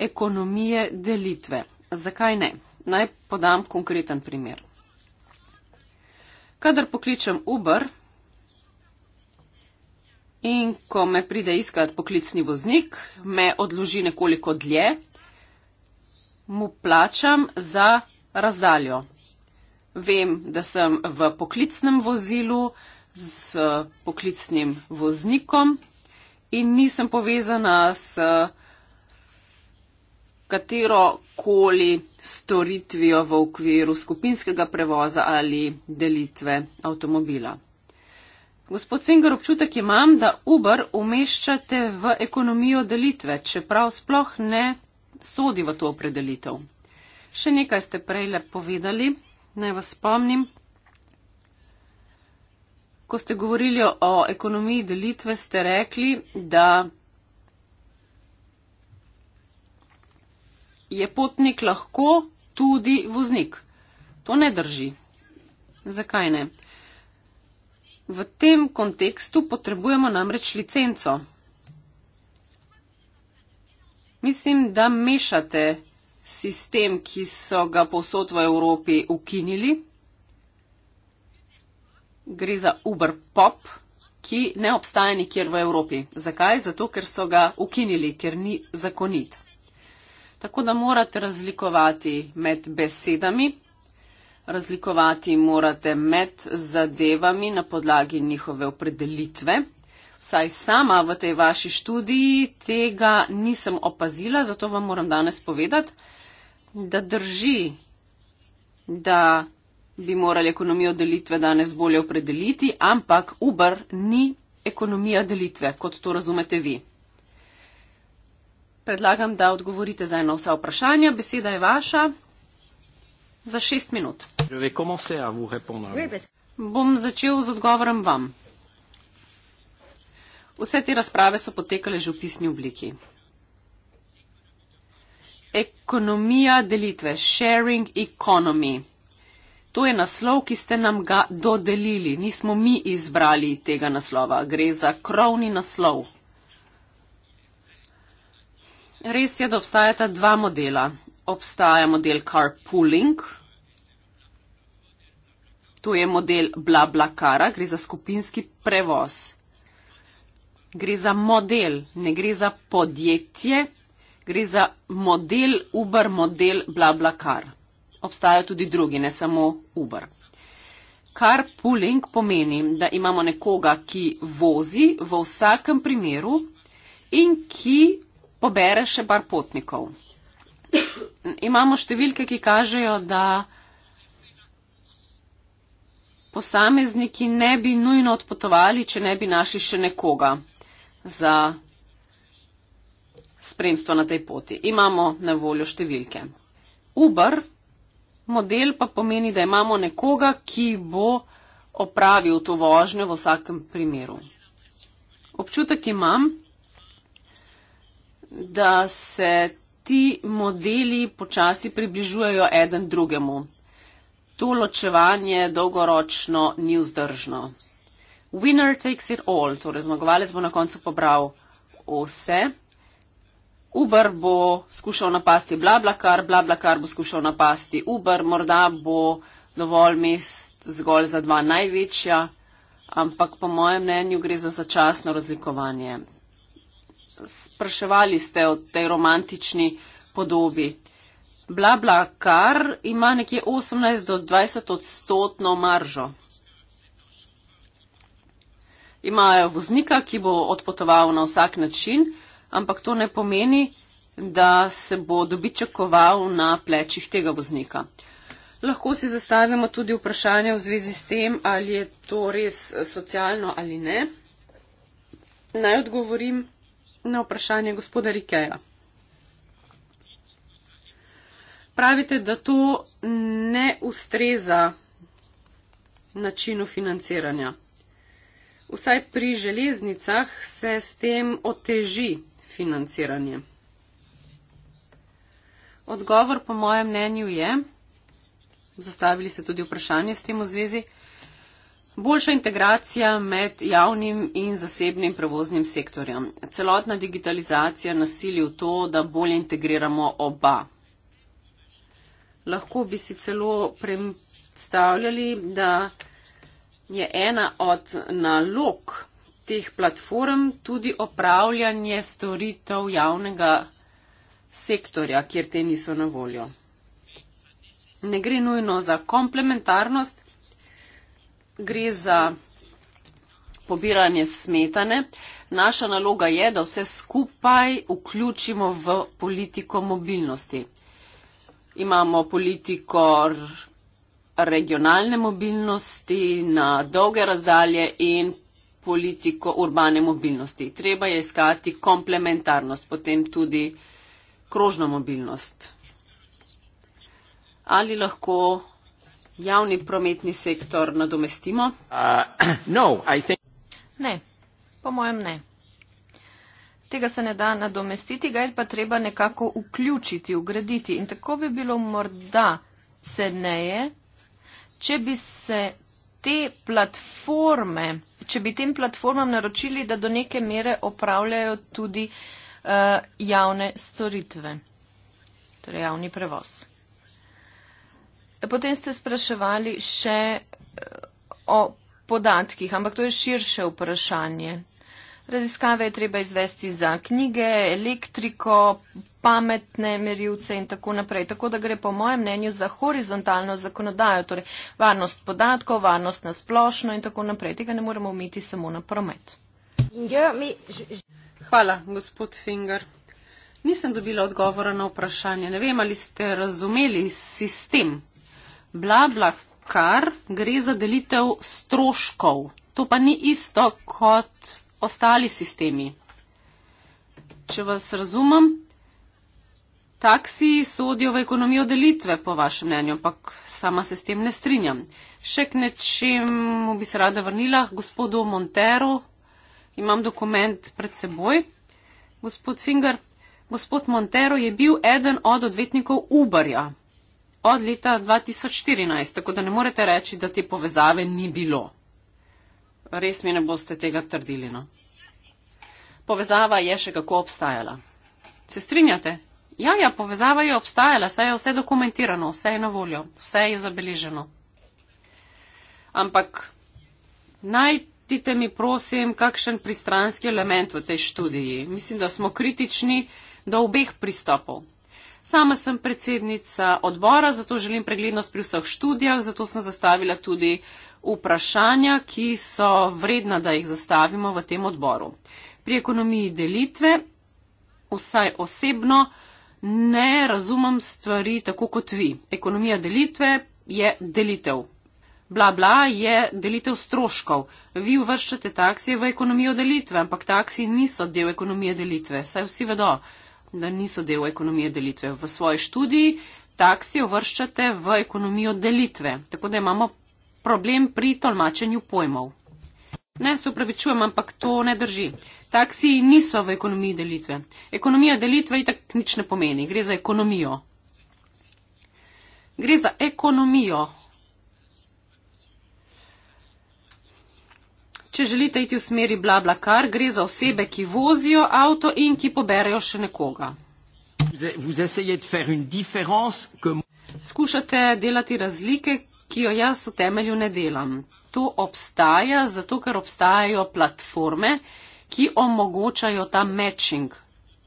ekonomije delitve. Zakaj ne? Naj podam konkreten primer. Kadar pokličem Uber in ko me pride iskati poklicni voznik, me odloži nekoliko dlje, mu plačam za razdaljo. Vem, da sem v poklicnem vozilu z poklicnim voznikom in nisem povezana s katero koli storitvijo v okviru skupinskega prevoza ali delitve avtomobila. Gospod Finger, občutek imam, da Uber umeščate v ekonomijo delitve, čeprav sploh ne sodi v to opredelitev. Še nekaj ste prej lepo povedali, naj vas spomnim. Ko ste govorili o ekonomiji delitve, ste rekli, da je potnik lahko tudi voznik. To ne drži. Zakaj ne? V tem kontekstu potrebujemo namreč licenco. Mislim, da mešate sistem, ki so ga posod v Evropi ukinili. Gre za Uber Pop, ki ne obstaja nikjer v Evropi. Zakaj? Zato, ker so ga ukinili, ker ni zakonit. Tako da morate razlikovati med besedami, razlikovati morate med zadevami na podlagi njihove opredelitve vsaj sama v tej vaši študiji tega nisem opazila, zato vam moram danes povedati, da drži, da bi morali ekonomijo delitve danes bolje opredeliti, ampak Uber ni ekonomija delitve, kot to razumete vi. Predlagam, da odgovorite zdaj na vsa vprašanja. Beseda je vaša za šest minut. Bom začel z odgovorom vam. Vse te razprave so potekale že v pisni obliki. Ekonomija delitve, sharing economy. To je naslov, ki ste nam ga dodelili. Nismo mi izbrali tega naslova. Gre za krovni naslov. Res je, da obstajata dva modela. Obstaja model carpooling. To je model bla bla kara, gre za skupinski prevoz gre za model, ne gre za podjetje, gre za model, Uber model, bla bla kar. Obstajajo tudi drugi, ne samo Uber. Carpooling pomeni, da imamo nekoga, ki vozi v vsakem primeru in ki pobere še bar potnikov. Imamo številke, ki kažejo, da posamezniki ne bi nujno odpotovali, če ne bi našli še nekoga, za spremstvo na tej poti. Imamo na voljo številke. Uber model pa pomeni, da imamo nekoga, ki bo opravil to vožnjo v vsakem primeru. Občutek imam, da se ti modeli počasi približujejo eden drugemu. To ločevanje dolgoročno ni vzdržno winner takes it all, torej zmagovalec bo na koncu pobral vse. Uber bo skušal napasti Blablakar, Blablakar bo skušal napasti Uber, morda bo dovolj mest zgolj za dva največja, ampak po mojem mnenju gre za začasno razlikovanje. Spraševali ste o tej romantični podobi. Blablakar ima nekje 18 do 20 odstotno maržo imajo voznika, ki bo odpotoval na vsak način, ampak to ne pomeni, da se bo dobičakoval na plečih tega voznika. Lahko si zastavimo tudi vprašanje v zvezi s tem, ali je to res socialno ali ne. Naj odgovorim na vprašanje gospoda Rikeja. Pravite, da to ne ustreza načinu financiranja vsaj pri železnicah se s tem oteži financiranje? Odgovor po mojem mnenju je, zastavili ste tudi vprašanje s tem v zvezi, boljša integracija med javnim in zasebnim prevoznim sektorjem. Celotna digitalizacija nasili v to, da bolje integriramo oba. Lahko bi si celo predstavljali, da je ena od nalog teh platform tudi opravljanje storitev javnega sektorja, kjer te niso na voljo. Ne gre nujno za komplementarnost, gre za pobiranje smetane. Naša naloga je, da vse skupaj vključimo v politiko mobilnosti. Imamo politiko regionalne mobilnosti na dolge razdalje in politiko urbane mobilnosti. Treba je iskati komplementarnost, potem tudi krožno mobilnost. Ali lahko javni prometni sektor nadomestimo?
Uh,
no, think...
Ne, po mojem ne. Tega se ne da nadomestiti, ga je pa treba nekako vključiti, ugraditi. In tako bi bilo morda ceneje če bi se te platforme, če bi tem platformam naročili, da do neke mere opravljajo tudi uh, javne storitve, torej javni prevoz. Potem ste spraševali še uh, o podatkih, ampak to je širše vprašanje. Raziskave je treba izvesti za knjige, elektriko, pametne merilce in tako naprej. Tako da gre po mojem mnenju za horizontalno zakonodajo, torej varnost podatkov, varnost na splošno in tako naprej. Tega ne moremo umeti samo na promet. Hvala, gospod
Finger. Nisem dobila odgovora na vprašanje. Ne vem, ali ste razumeli sistem. Bla, bla, kar gre za delitev stroškov. To pa ni isto kot ostali sistemi. Če vas razumem, taksi sodijo v ekonomijo delitve, po vašem mnenju, ampak sama se s tem ne strinjam. Še k nečemu bi se rada vrnila, gospodu Montero, imam dokument pred seboj, gospod Finger. Gospod Montero je bil eden od odvetnikov Uberja od leta 2014, tako da ne morete reči, da te povezave ni bilo res mi ne boste tega trdili. No. Povezava je še kako obstajala. Se strinjate? Ja, ja, povezava je obstajala, saj je vse dokumentirano, vse je na voljo, vse je zabeleženo. Ampak najdite mi, prosim, kakšen pristranski element v tej študiji. Mislim, da smo kritični do obeh pristopov. Sama sem predsednica odbora, zato želim preglednost pri vseh študijah, zato sem zastavila tudi vprašanja, ki so vredna, da jih zastavimo v tem odboru. Pri ekonomiji delitve vsaj osebno ne razumem stvari tako kot vi. Ekonomija delitve je delitev. Bla bla je delitev stroškov. Vi uvrščate taksije v ekonomijo delitve, ampak taksiji niso del ekonomije delitve. Saj vsi vedo, da niso del ekonomije delitve. V svoji študiji taksije uvrščate v ekonomijo delitve. Tako da imamo problem pri tolmačenju pojmov. Ne, se upravičujem, ampak to ne drži. Taksi niso v ekonomiji delitve. Ekonomija delitve itak nič ne pomeni. Gre za ekonomijo. Gre za ekonomijo. Če želite iti v smeri bla bla kar, gre za osebe, ki vozijo avto in ki poberajo še nekoga. Skušate delati razlike, ki jo jaz v temelju ne delam. To obstaja zato, ker obstajajo platforme, ki omogočajo ta matching,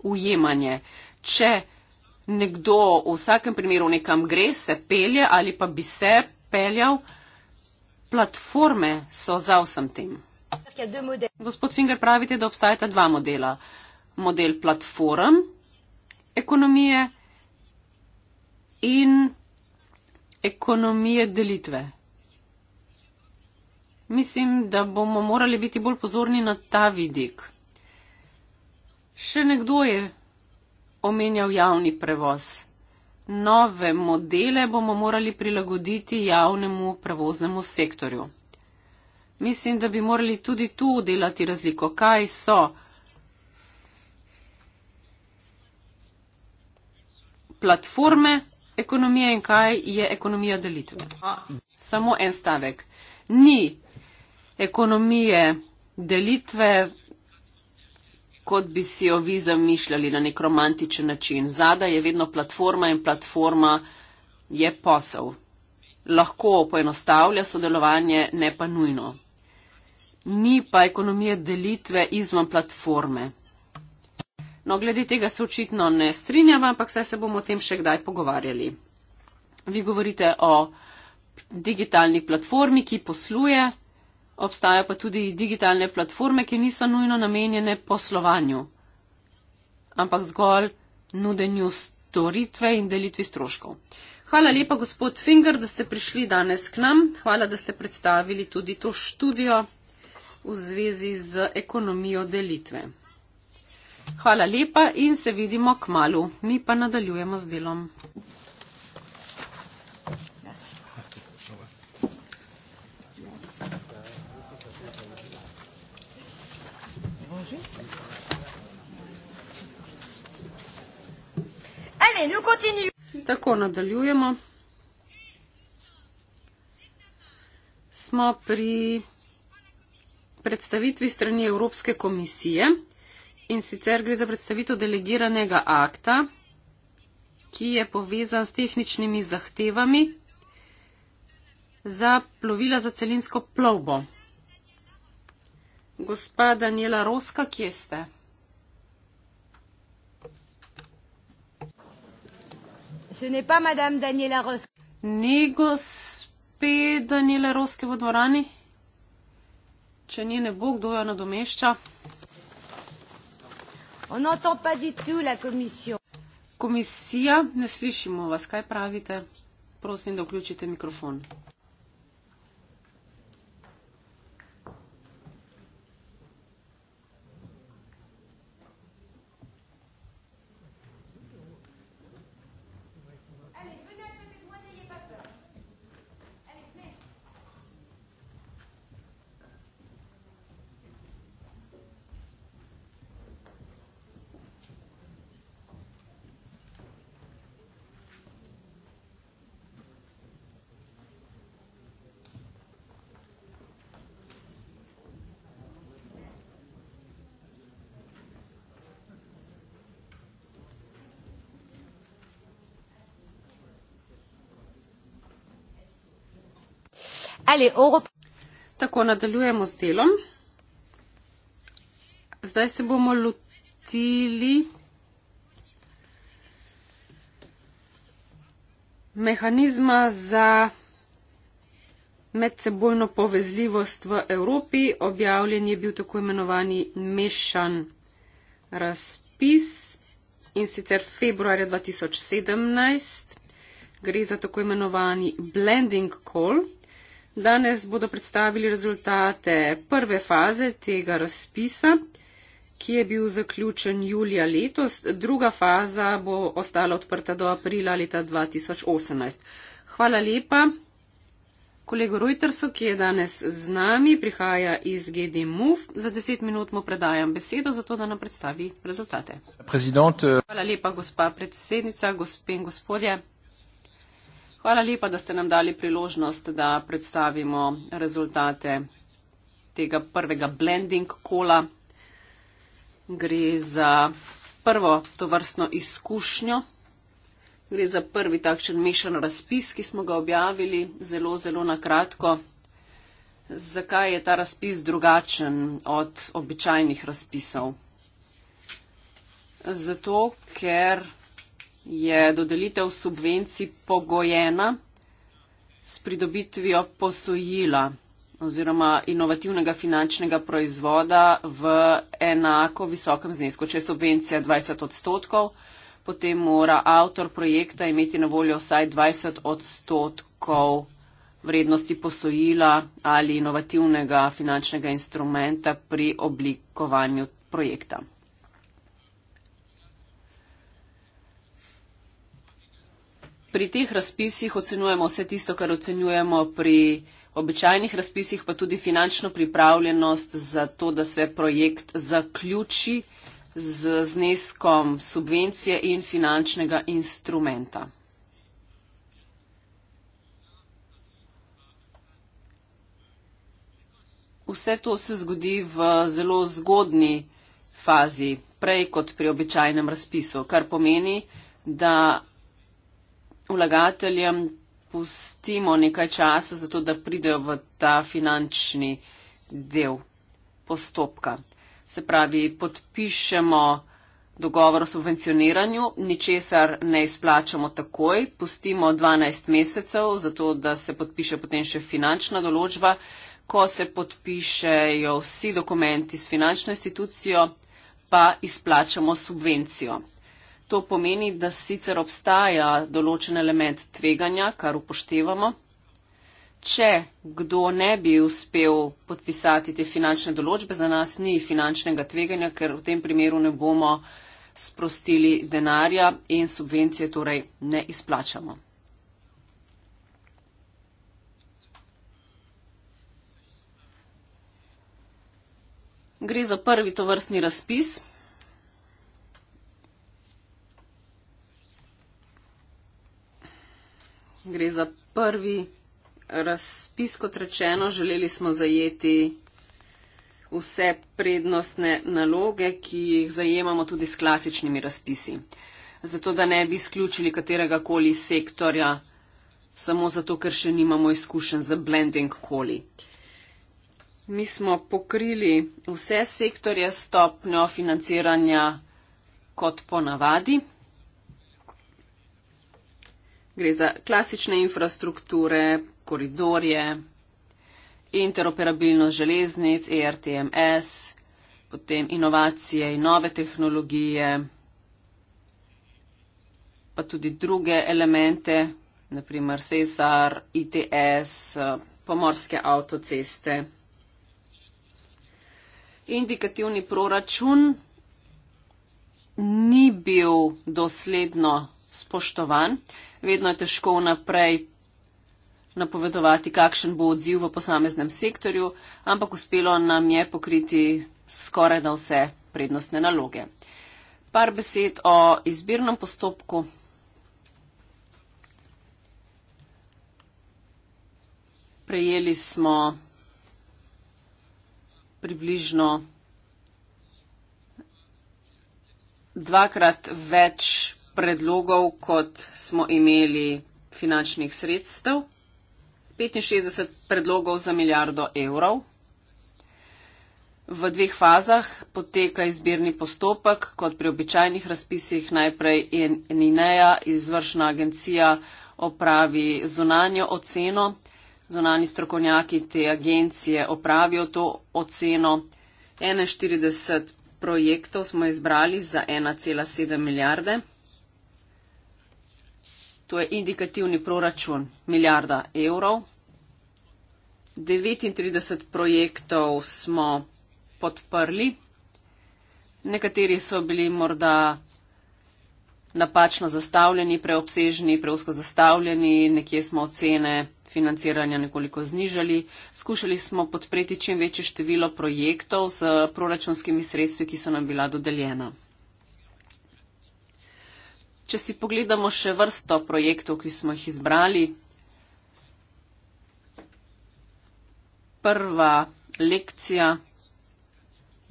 ujemanje. Če nekdo v vsakem primeru nekam gre, se pelje ali pa bi se peljal, platforme so za vsem tem. Gospod Finger, pravite, da obstajata dva modela. Model platform ekonomije in ekonomije delitve. Mislim, da bomo morali biti bolj pozorni na ta vidik. Še nekdo je omenjal javni prevoz. Nove modele bomo morali prilagoditi javnemu prevoznemu sektorju. Mislim, da bi morali tudi tu delati razliko, kaj so platforme, ekonomije in kaj je ekonomija delitve. Samo en stavek. Ni ekonomije delitve, kot bi si jo vi zamišljali na nek romantičen način. Zada je vedno platforma in platforma je posel. Lahko poenostavlja sodelovanje, ne pa nujno. Ni pa ekonomije delitve izvan platforme. No, glede tega se očitno ne strinjava, ampak saj se bomo o tem še kdaj pogovarjali. Vi govorite o digitalni platformi, ki posluje, obstaja pa tudi digitalne platforme, ki niso nujno namenjene poslovanju, ampak zgolj nudenju storitve in delitvi stroškov. Hvala lepa, gospod Finger, da ste prišli danes k nam. Hvala, da ste predstavili tudi to študijo v zvezi z ekonomijo delitve. Hvala lepa in se vidimo k malu. Mi pa nadaljujemo z delom. Tako nadaljujemo. Smo pri predstavitvi strani Evropske komisije. In sicer gre za predstavitev delegiranega akta, ki je povezan s tehničnimi zahtevami za plovila za celinsko plovbo. Gospa Daniela Roska, kje ste? Ni gospe Daniela Roske v dvorani? Če ni, ne bo, kdo jo nadomešča? On n'entend pas
du tout la commission.
Komisija, ne slišimo vas, kaj pravite? Prosim, da vključite mikrofon. ali Evropa. Tako nadaljujemo z delom. Zdaj se bomo lotili mehanizma za medsebojno povezljivost v Evropi. Objavljen je bil tako imenovani mešan razpis in sicer februarja 2017. Gre za tako imenovani blending call. Danes bodo predstavili rezultate prve faze tega razpisa, ki je bil zaključen julija letos. Druga faza bo ostala odprta do aprila leta 2018. Hvala lepa. Kolego Reutersu, ki je danes z nami, prihaja iz GD MUF. Za deset minut mu predajam besedo, zato da nam predstavi rezultate.
President. Eh,
Hvala lepa, gospa predsednica, gospe in gospodje. Hvala lepa, da ste nam dali priložnost, da predstavimo rezultate tega prvega blending kola. Gre za prvo to vrstno izkušnjo. Gre za prvi takšen mešan razpis, ki smo ga objavili zelo, zelo na kratko. Zakaj je ta razpis drugačen od običajnih razpisov? Zato, ker je dodelitev subvencij pogojena s pridobitvijo posojila oziroma inovativnega finančnega proizvoda v enako visokem znesku. Če je subvencija 20 odstotkov, potem mora avtor projekta imeti na voljo vsaj 20 odstotkov vrednosti posojila ali inovativnega finančnega instrumenta pri oblikovanju projekta. pri teh razpisih ocenjujemo vse tisto, kar ocenjujemo pri običajnih razpisih, pa tudi finančno pripravljenost za to, da se projekt zaključi z zneskom subvencije in finančnega instrumenta. Vse to se zgodi v zelo zgodni fazi, prej kot pri običajnem razpisu, kar pomeni, da vlagateljem pustimo nekaj časa, zato da pridejo v ta finančni del postopka. Se pravi, podpišemo dogovor o subvencioniranju, ničesar ne izplačamo takoj, pustimo 12 mesecev, zato da se podpiše potem še finančna določba. Ko se podpišejo vsi dokumenti s finančno institucijo, pa izplačamo subvencijo. To pomeni, da sicer obstaja določen element tveganja, kar upoštevamo. Če kdo ne bi uspel podpisati te finančne določbe, za nas ni finančnega tveganja, ker v tem primeru ne bomo sprostili denarja in subvencije torej ne izplačamo. Gre za prvi tovrstni razpis, gre za prvi razpis, kot rečeno, želeli smo zajeti vse prednostne naloge, ki jih zajemamo tudi s klasičnimi razpisi. Zato, da ne bi izključili katerega koli sektorja, samo zato, ker še nimamo izkušen za blending koli. Mi smo pokrili vse sektorje stopnjo financiranja kot ponavadi, Gre za klasične infrastrukture, koridorje, interoperabilnost železnic, ERTMS, potem inovacije in nove tehnologije, pa tudi druge elemente, naprimer SESAR, ITS, pomorske avtoceste. Indikativni proračun ni bil dosledno spoštovan. Vedno je težko naprej napovedovati, kakšen bo odziv v posameznem sektorju, ampak uspelo nam je pokriti skoraj da vse prednostne naloge. Par besed o izbirnem postopku. Prejeli smo približno dvakrat več predlogov, kot smo imeli finančnih sredstev, 65 predlogov za milijardo evrov. V dveh fazah poteka izbirni postopek, kot pri običajnih razpisih najprej NINEA, izvršna agencija, opravi zunanjo oceno. Zunani strokovnjaki te agencije opravijo to oceno. 41 projektov smo izbrali za 1,7 milijarde to je indikativni proračun milijarda evrov. 39 projektov smo podprli. Nekateri so bili morda napačno zastavljeni, preobsežni, preusko zastavljeni, nekje smo ocene financiranja nekoliko znižali. Skušali smo podpreti čim večje število projektov z proračunskimi sredstvi, ki so nam bila dodeljena. Če si pogledamo še vrsto projektov, ki smo jih izbrali, prva lekcija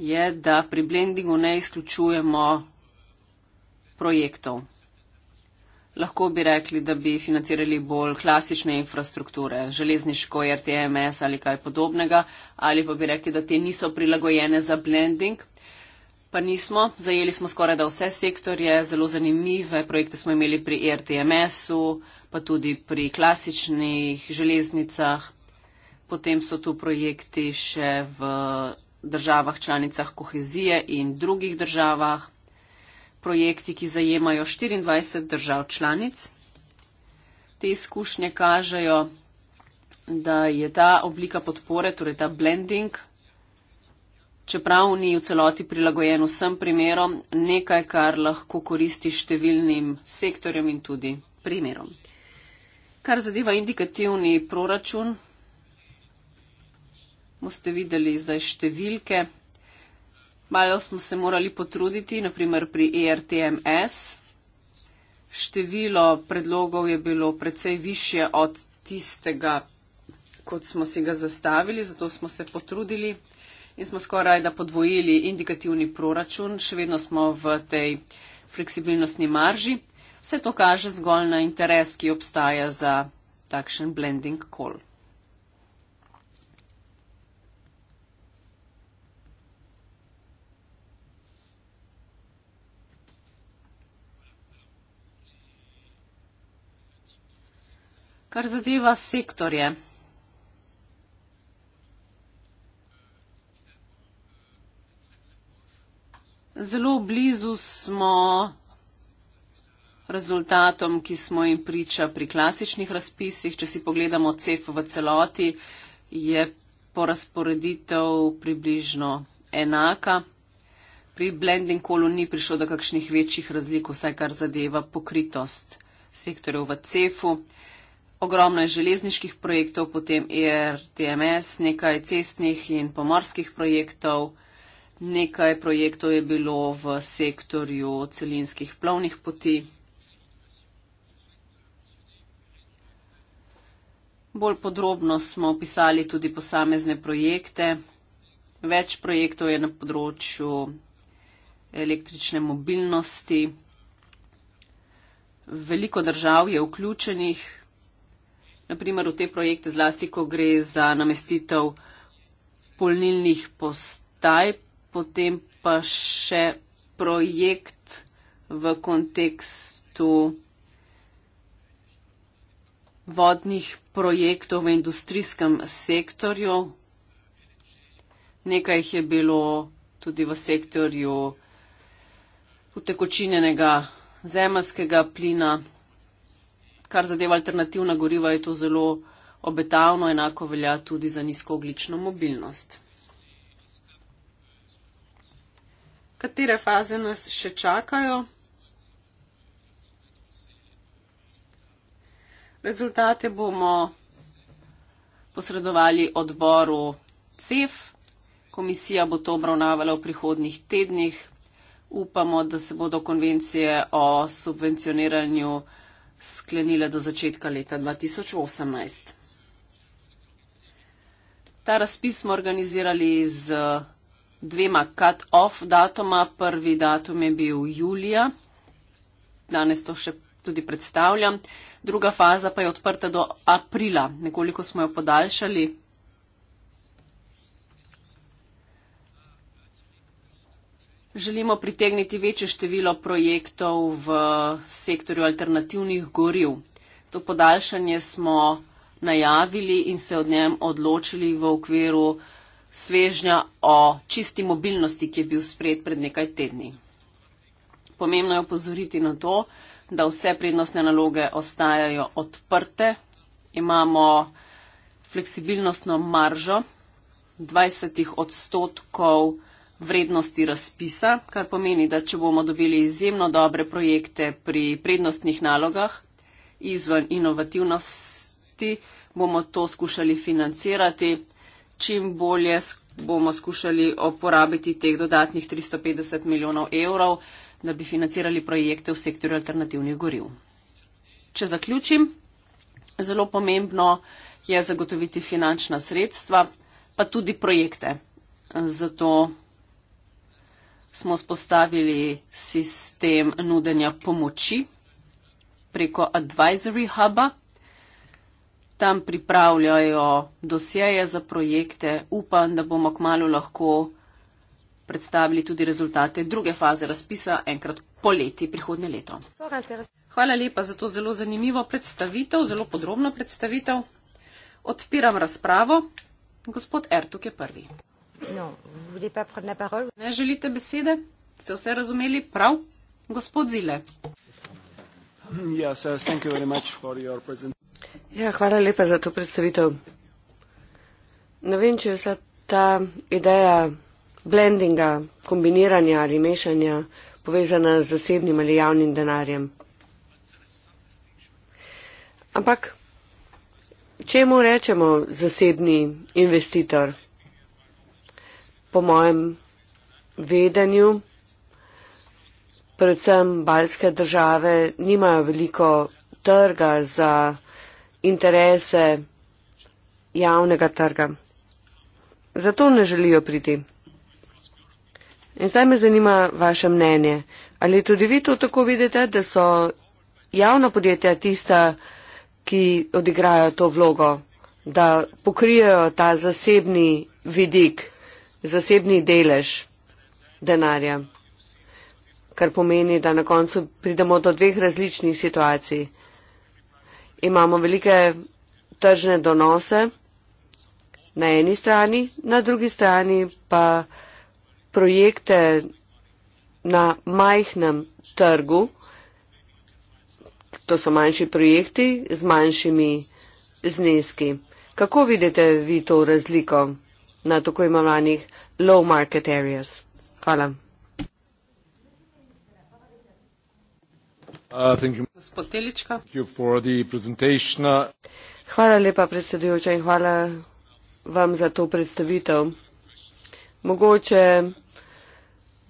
je, da pri blendingu ne izključujemo projektov. Lahko bi rekli, da bi financirali bolj klasične infrastrukture, železniško, RTMS ali kaj podobnega, ali pa bi rekli, da te niso prilagojene za blending, pa nismo. Zajeli smo skoraj da vse sektorje, zelo zanimive projekte smo imeli pri e RTMS-u, pa tudi pri klasičnih železnicah. Potem so tu projekti še v državah članicah kohezije in drugih državah. Projekti, ki zajemajo 24 držav članic. Te izkušnje kažejo, da je ta oblika podpore, torej ta blending, čeprav ni v celoti prilagojen vsem primerom, nekaj, kar lahko koristi številnim sektorjem in tudi primerom. Kar zadeva indikativni proračun, boste videli zdaj številke. Malo smo se morali potruditi, naprimer pri ERTMS. Število predlogov je bilo precej više od tistega, kot smo si ga zastavili, zato smo se potrudili in smo skoraj da podvojili indikativni proračun, še vedno smo v tej fleksibilnostni marži. Vse to kaže zgolj na interes, ki obstaja za takšen blending call. Kar zadeva sektorje, Zelo blizu smo rezultatom, ki smo jim priča pri klasičnih razpisih. Če si pogledamo CEF v celoti, je porazporeditev približno enaka. Pri blending kolu ni prišlo do kakšnih večjih razlik, vsaj kar zadeva pokritost sektorjev v CEF-u. Ogromno je železniških projektov, potem ERTMS, nekaj cestnih in pomorskih projektov. Nekaj projektov je bilo v sektorju celinskih plovnih poti. Bolj podrobno smo opisali tudi posamezne projekte. Več projektov je na področju električne mobilnosti. Veliko držav je vključenih, naprimer v te projekte zlasti, ko gre za namestitev polnilnih postaj potem pa še projekt v kontekstu vodnih projektov v industrijskem sektorju. Nekaj jih je bilo tudi v sektorju utekočinjenega zemljskega plina. Kar zadeva alternativna goriva je to zelo obetavno, enako velja tudi za nizkooglično mobilnost. katere faze nas še čakajo. Rezultate bomo posredovali odboru CEF. Komisija bo to obravnavala v prihodnih tednih. Upamo, da se bodo konvencije o subvencioniranju sklenile do začetka leta 2018. Ta razpis smo organizirali z dvema cut-off datoma. Prvi datum je bil julija, danes to še tudi predstavljam. Druga faza pa je odprta do aprila, nekoliko smo jo podaljšali. Želimo pritegniti večje število projektov v sektorju alternativnih goriv. To podaljšanje smo najavili in se od njem odločili v okviru svežnja o čisti mobilnosti, ki je bil sprejet pred nekaj tedni. Pomembno je opozoriti na to, da vse prednostne naloge ostajajo odprte. Imamo fleksibilnostno maržo 20 odstotkov vrednosti razpisa, kar pomeni, da če bomo dobili izjemno dobre projekte pri prednostnih nalogah izven inovativnosti, bomo to skušali financirati čim bolje bomo skušali oporabiti teh dodatnih 350 milijonov evrov, da bi financirali projekte v sektorju alternativnih goriv. Če zaključim, zelo pomembno je zagotoviti finančna sredstva, pa tudi projekte. Zato smo spostavili sistem nudenja pomoči preko advisory huba, tam pripravljajo dosjeje za projekte. Upam, da bomo kmalo lahko predstavili tudi rezultate druge faze razpisa, enkrat poleti prihodnje leto. Hvala lepa za to zelo zanimivo predstavitev, zelo podrobno predstavitev. Odpiram razpravo. Gospod Ertuk je prvi. No, ne želite besede? Ste vse razumeli prav? Gospod Zile. Uh,
ja, hvala lepa za to predstavitev. Ne vem, če je vsa ta ideja blendinga, kombiniranja ali mešanja povezana z zasebnim ali javnim denarjem. Ampak, če mu rečemo zasebni investitor, po mojem vedenju, predvsem balske države nimajo veliko trga za interese javnega trga. Zato ne želijo priti. In zdaj me zanima vaše mnenje. Ali tudi vi to tako vidite, da so javna podjetja tista, ki odigrajo to vlogo, da pokrijejo ta zasebni vidik, zasebni delež denarja? kar pomeni, da na koncu pridemo do dveh različnih situacij. Imamo velike tržne donose na eni strani, na drugi strani pa projekte na majhnem trgu. To so manjši projekti z manjšimi zneski. Kako vidite vi to razliko na tako imenovanih low market areas? Hvala. Uh, hvala lepa, predsedujoča, in hvala vam za to predstavitev. Mogoče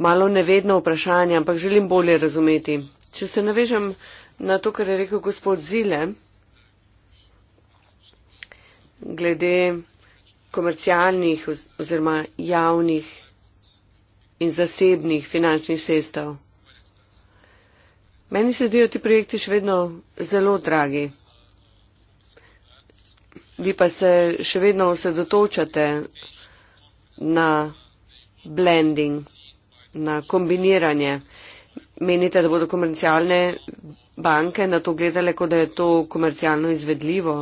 malo nevedno vprašanje, ampak želim bolje razumeti. Če se navežem na to, kar je rekel gospod Zile, glede komercialnih oziroma javnih in zasebnih finančnih sestav. Meni se zdijo ti projekti še vedno zelo dragi. Vi pa se še vedno osredotočate na blending, na kombiniranje. Menite, da bodo komercialne banke na to gledale, kot da je to komercialno izvedljivo.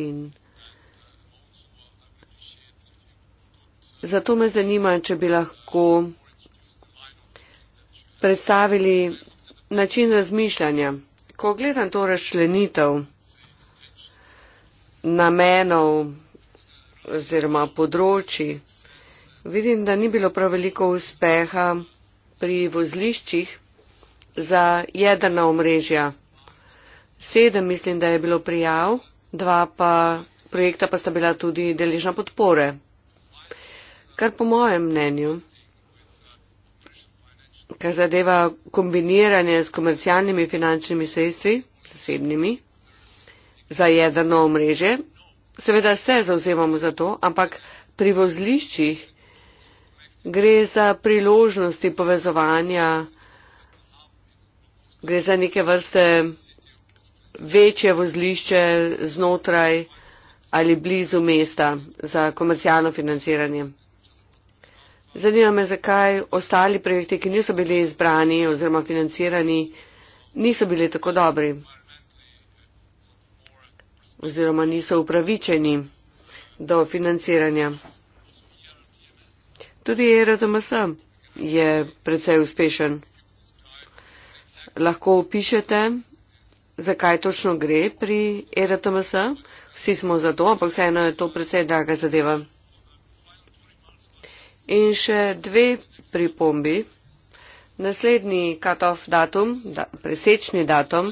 In... Zato me zanima, če bi lahko predstavili način razmišljanja. Ko gledam to razčlenitev namenov oziroma področji, vidim, da ni bilo prav veliko uspeha pri vozliščih za jedrna omrežja. Sedem mislim, da je bilo prijav, dva pa projekta pa sta bila tudi deležna podpore. Kar po mojem mnenju kar zadeva kombiniranje s komercialnimi finančnimi sredstvi, zasebnimi, za jedrno omrežje. Seveda se zauzemamo za to, ampak pri vozliščih gre za priložnosti povezovanja, gre za neke vrste večje vozlišče znotraj ali blizu mesta za komercialno financiranje. Zanima me, zakaj ostali projekti, ki niso bili izbrani oziroma financirani, niso bili tako dobri oziroma niso upravičeni do financiranja. Tudi RTMS je precej uspešen. Lahko opišete, zakaj točno gre pri RTMS. Vsi smo za to, ampak vseeno je to precej draga zadeva. In še dve pripombi. Naslednji katov datum, da, presečni datum,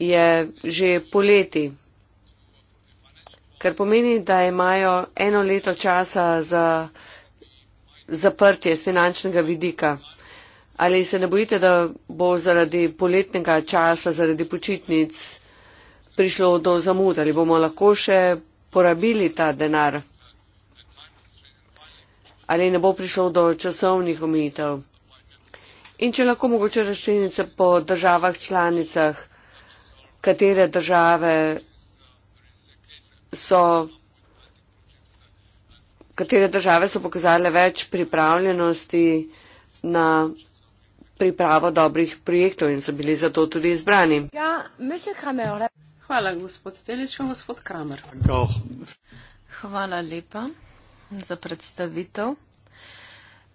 je že poleti, ker pomeni, da imajo eno leto časa za zaprtje z finančnega vidika. Ali se ne bojite, da bo zaradi poletnega časa, zaradi počitnic prišlo do zamud, ali bomo lahko še porabili ta denar? ali ne bo prišlo do časovnih omejitev. In če lahko mogoče raštenice po državah članicah, katere države so, katere države so pokazale več pripravljenosti na pripravo dobrih projektov in so bili zato tudi izbrani.
Ja, Hvala, gospod Stelič, gospod Kramer. Hvala lepa za predstavitev.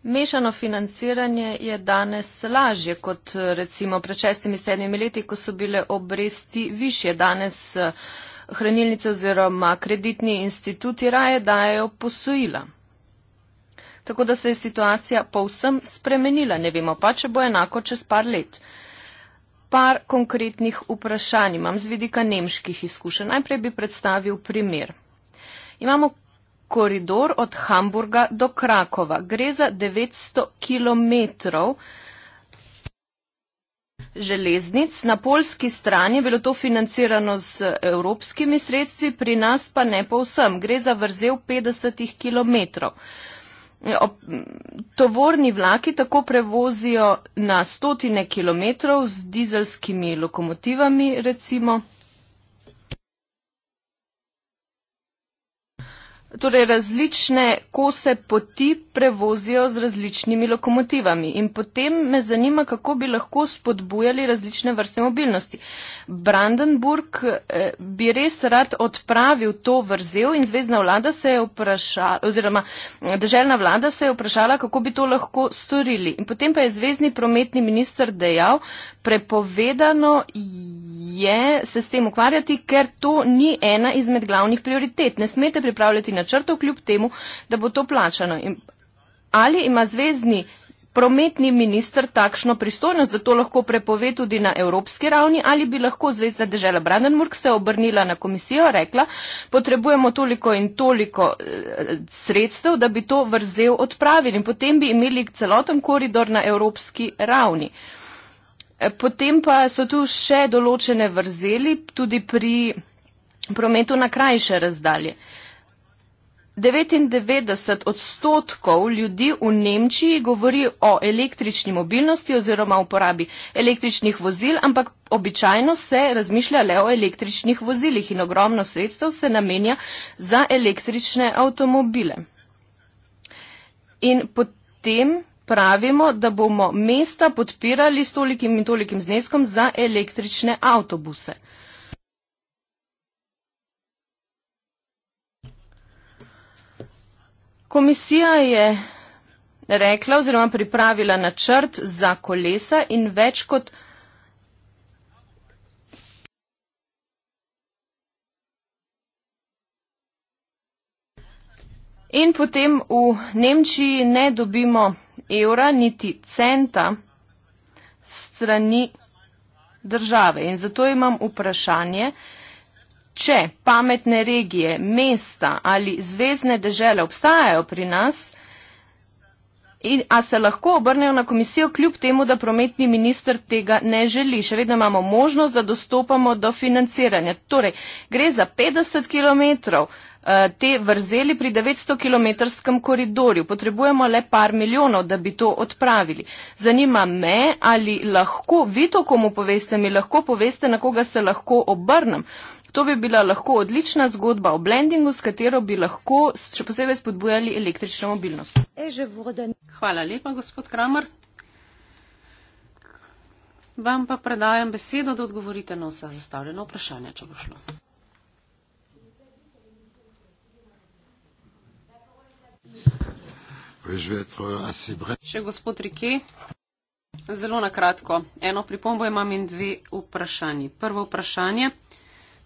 Mešano financiranje je danes lažje kot recimo pred šestimi sedmimi leti, ko so bile obresti više. Danes eh, hranilnice oziroma kreditni instituti raje dajo posojila. Tako da se je situacija povsem spremenila, ne vemo pa, če bo enako čez par let. Par konkretnih vprašanj imam z vidika nemških izkušenj. Najprej bi predstavil primer. Imamo koridor od Hamburga do Krakova. Gre za 900 km železnic. Na polski strani je bilo to financirano z evropskimi sredstvi, pri nas pa ne povsem. Gre za vrzel 50 km. Tovorni vlaki tako prevozijo na stotine kilometrov z dizelskimi lokomotivami, recimo. torej različne kose poti prevozijo z različnimi lokomotivami. In potem me zanima, kako bi lahko spodbujali različne vrste mobilnosti. Brandenburg eh, bi res rad odpravil to vrzel in zvezdna vlada se je vprašala, oziroma eh, državna vlada se je vprašala, kako bi to lahko storili. In potem pa je zvezdni prometni minister dejal, prepovedano je se s tem ukvarjati, ker to ni ena izmed glavnih prioritet. Ne smete pripravljati na načrtov, kljub temu, da bo to plačano. In ali ima zvezdni prometni minister takšno pristojnost, da to lahko prepove tudi na evropski ravni, ali bi lahko zvezdna država Brandenburg se obrnila na komisijo, rekla, potrebujemo toliko in toliko eh, sredstev, da bi to vrzel odpravili in potem bi imeli celoten koridor na evropski ravni. Eh, potem pa so tu še določene vrzeli tudi pri prometu na krajše razdalje. 99 odstotkov ljudi v Nemčiji govori o električni mobilnosti oziroma uporabi električnih vozil, ampak običajno se razmišlja le o električnih vozilih in ogromno sredstev se namenja za električne avtomobile. In potem pravimo, da bomo mesta podpirali s tolikim in tolikim zneskom za električne avtobuse. Komisija je rekla oziroma pripravila načrt za kolesa in več kot. In potem v Nemčiji ne dobimo evra niti centa strani države. In zato imam vprašanje. Če pametne regije, mesta ali zvezdne dežele obstajajo pri nas, In, a se lahko obrnejo na komisijo kljub temu, da prometni minister tega ne želi. Še vedno imamo možnost, da dostopamo do financiranja. Torej, gre za 50 km eh, te vrzeli pri 900 km koridorju. Potrebujemo le par milijonov, da bi to odpravili. Zanima me, ali lahko, vi to komu poveste, mi lahko poveste, na koga se lahko obrnem. To bi bila lahko odlična zgodba o blendingu, s katero bi lahko še posebej spodbujali električno mobilnost.
E,
Hvala lepa, gospod Kramer. Vam pa predajam besedo, da odgovorite na vsa zastavljena vprašanja, če bo šlo. Še gospod Rike, zelo na kratko. Eno pripombo imam in dve vprašanje. Prvo vprašanje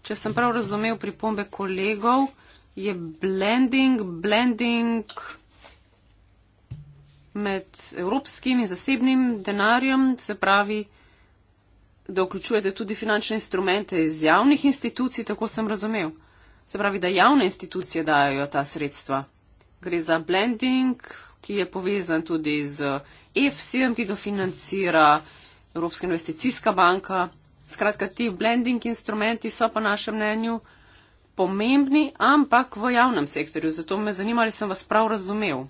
če sem prav razumel pripombe kolegov, je blending, blending med evropskim in zasebnim denarjem, se pravi, da vključujete tudi finančne instrumente iz javnih institucij, tako sem razumel. Se pravi, da javne institucije dajo ta sredstva. Gre za blending, ki je povezan tudi z EFSI-em, ki ga financira Evropska investicijska banka. Skratka, ti blending instrumenti so po našem mnenju pomembni, ampak v javnem sektorju. Zato me zanima, ali sem vas prav razumel.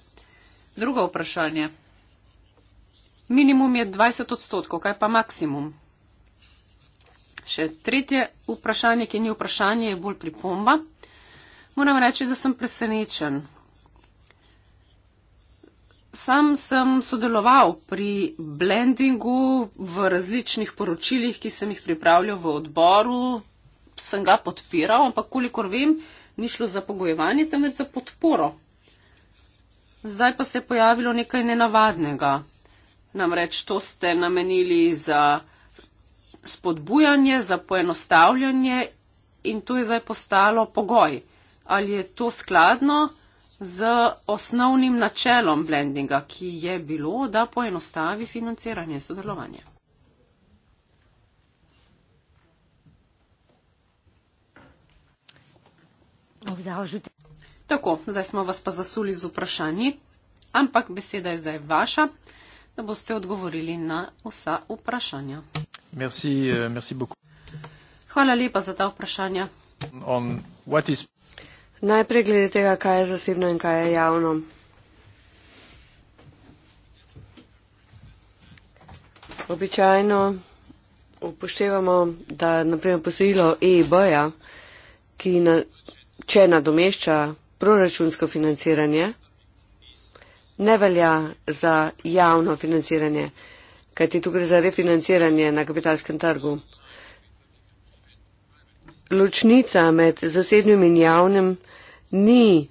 Drugo vprašanje. Minimum je 20 odstotkov, kaj pa maksimum? Še tretje vprašanje, ki ni vprašanje, je bolj pripomba. Moram reči, da sem presenečen sam sem sodeloval pri blendingu v različnih poročilih, ki sem jih pripravljal v odboru, sem ga podpiral, ampak kolikor vem, ni šlo za pogojevanje, temveč za podporo. Zdaj pa se je pojavilo nekaj nenavadnega. Namreč to ste namenili za spodbujanje, za poenostavljanje in to je zdaj postalo pogoj. Ali je to skladno? z osnovnim načelom blendinga, ki je bilo, da poenostavi financiranje sodelovanja. Tako, zdaj smo vas pa zasuli z vprašanji, ampak beseda je zdaj vaša, da boste odgovorili na vsa vprašanja.
Merci, eh, merci Hvala lepa za ta
vprašanja.
On, on,
Najprej glede tega, kaj je zasebno in kaj je javno. Običajno upoštevamo, da naprimer posojilo EIB-ja, ki na, če nadomešča proračunsko financiranje, ne velja za javno financiranje, kajti tu gre za refinanciranje na kapitalskem trgu ločnica med zasebnim in javnim ni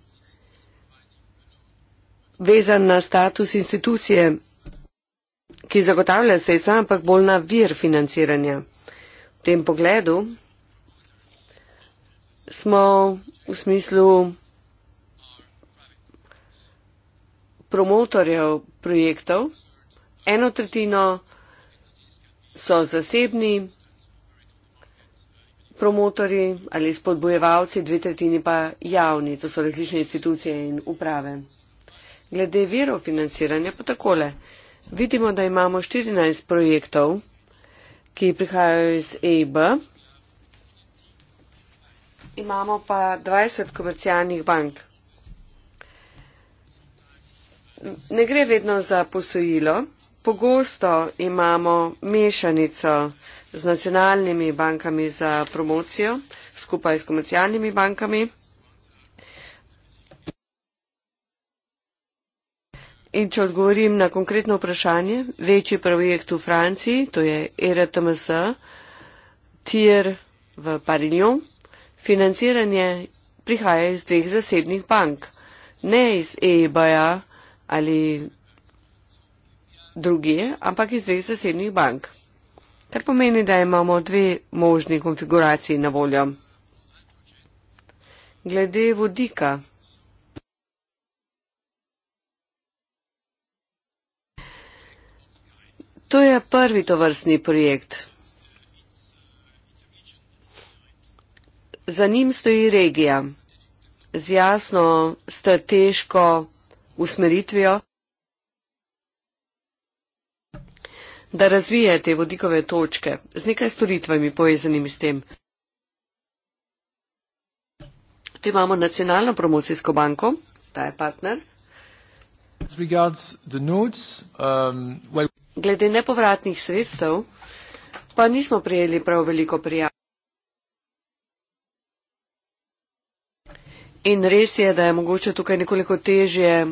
vezan na status institucije, ki zagotavlja sredstva, ampak bolj na vir financiranja. V tem pogledu smo v smislu promotorjev projektov eno tretjino so zasebni, promotori ali spodbojevalci, dve tretjini pa javni, to so različne institucije in uprave. Glede virov financiranja pa takole. Vidimo, da imamo 14 projektov, ki prihajajo iz EIB. Imamo pa 20 komercialnih bank. Ne gre vedno za posojilo pogosto imamo mešanico z nacionalnimi bankami za promocijo skupaj s komercialnimi bankami. In če odgovorim na konkretno vprašanje, večji projekt v Franciji, to je ERTMS, TIR v Parignon, financiranje prihaja iz dveh zasebnih bank, ne iz EIB-a ali drugje, ampak iz dveh zasebnih bank. Kar pomeni, da imamo dve možni konfiguraciji na voljo. Glede vodika. To je prvi tovrstni projekt. Za njim stoji regija z jasno strateško usmeritvijo. da razvije te vodikove točke z nekaj storitvami povezanimi s tem. Te imamo nacionalno promocijsko banko, ta je partner. Notes, um, well... Glede nepovratnih sredstev pa nismo prijeli prav veliko prijav. In res je, da je mogoče tukaj nekoliko težje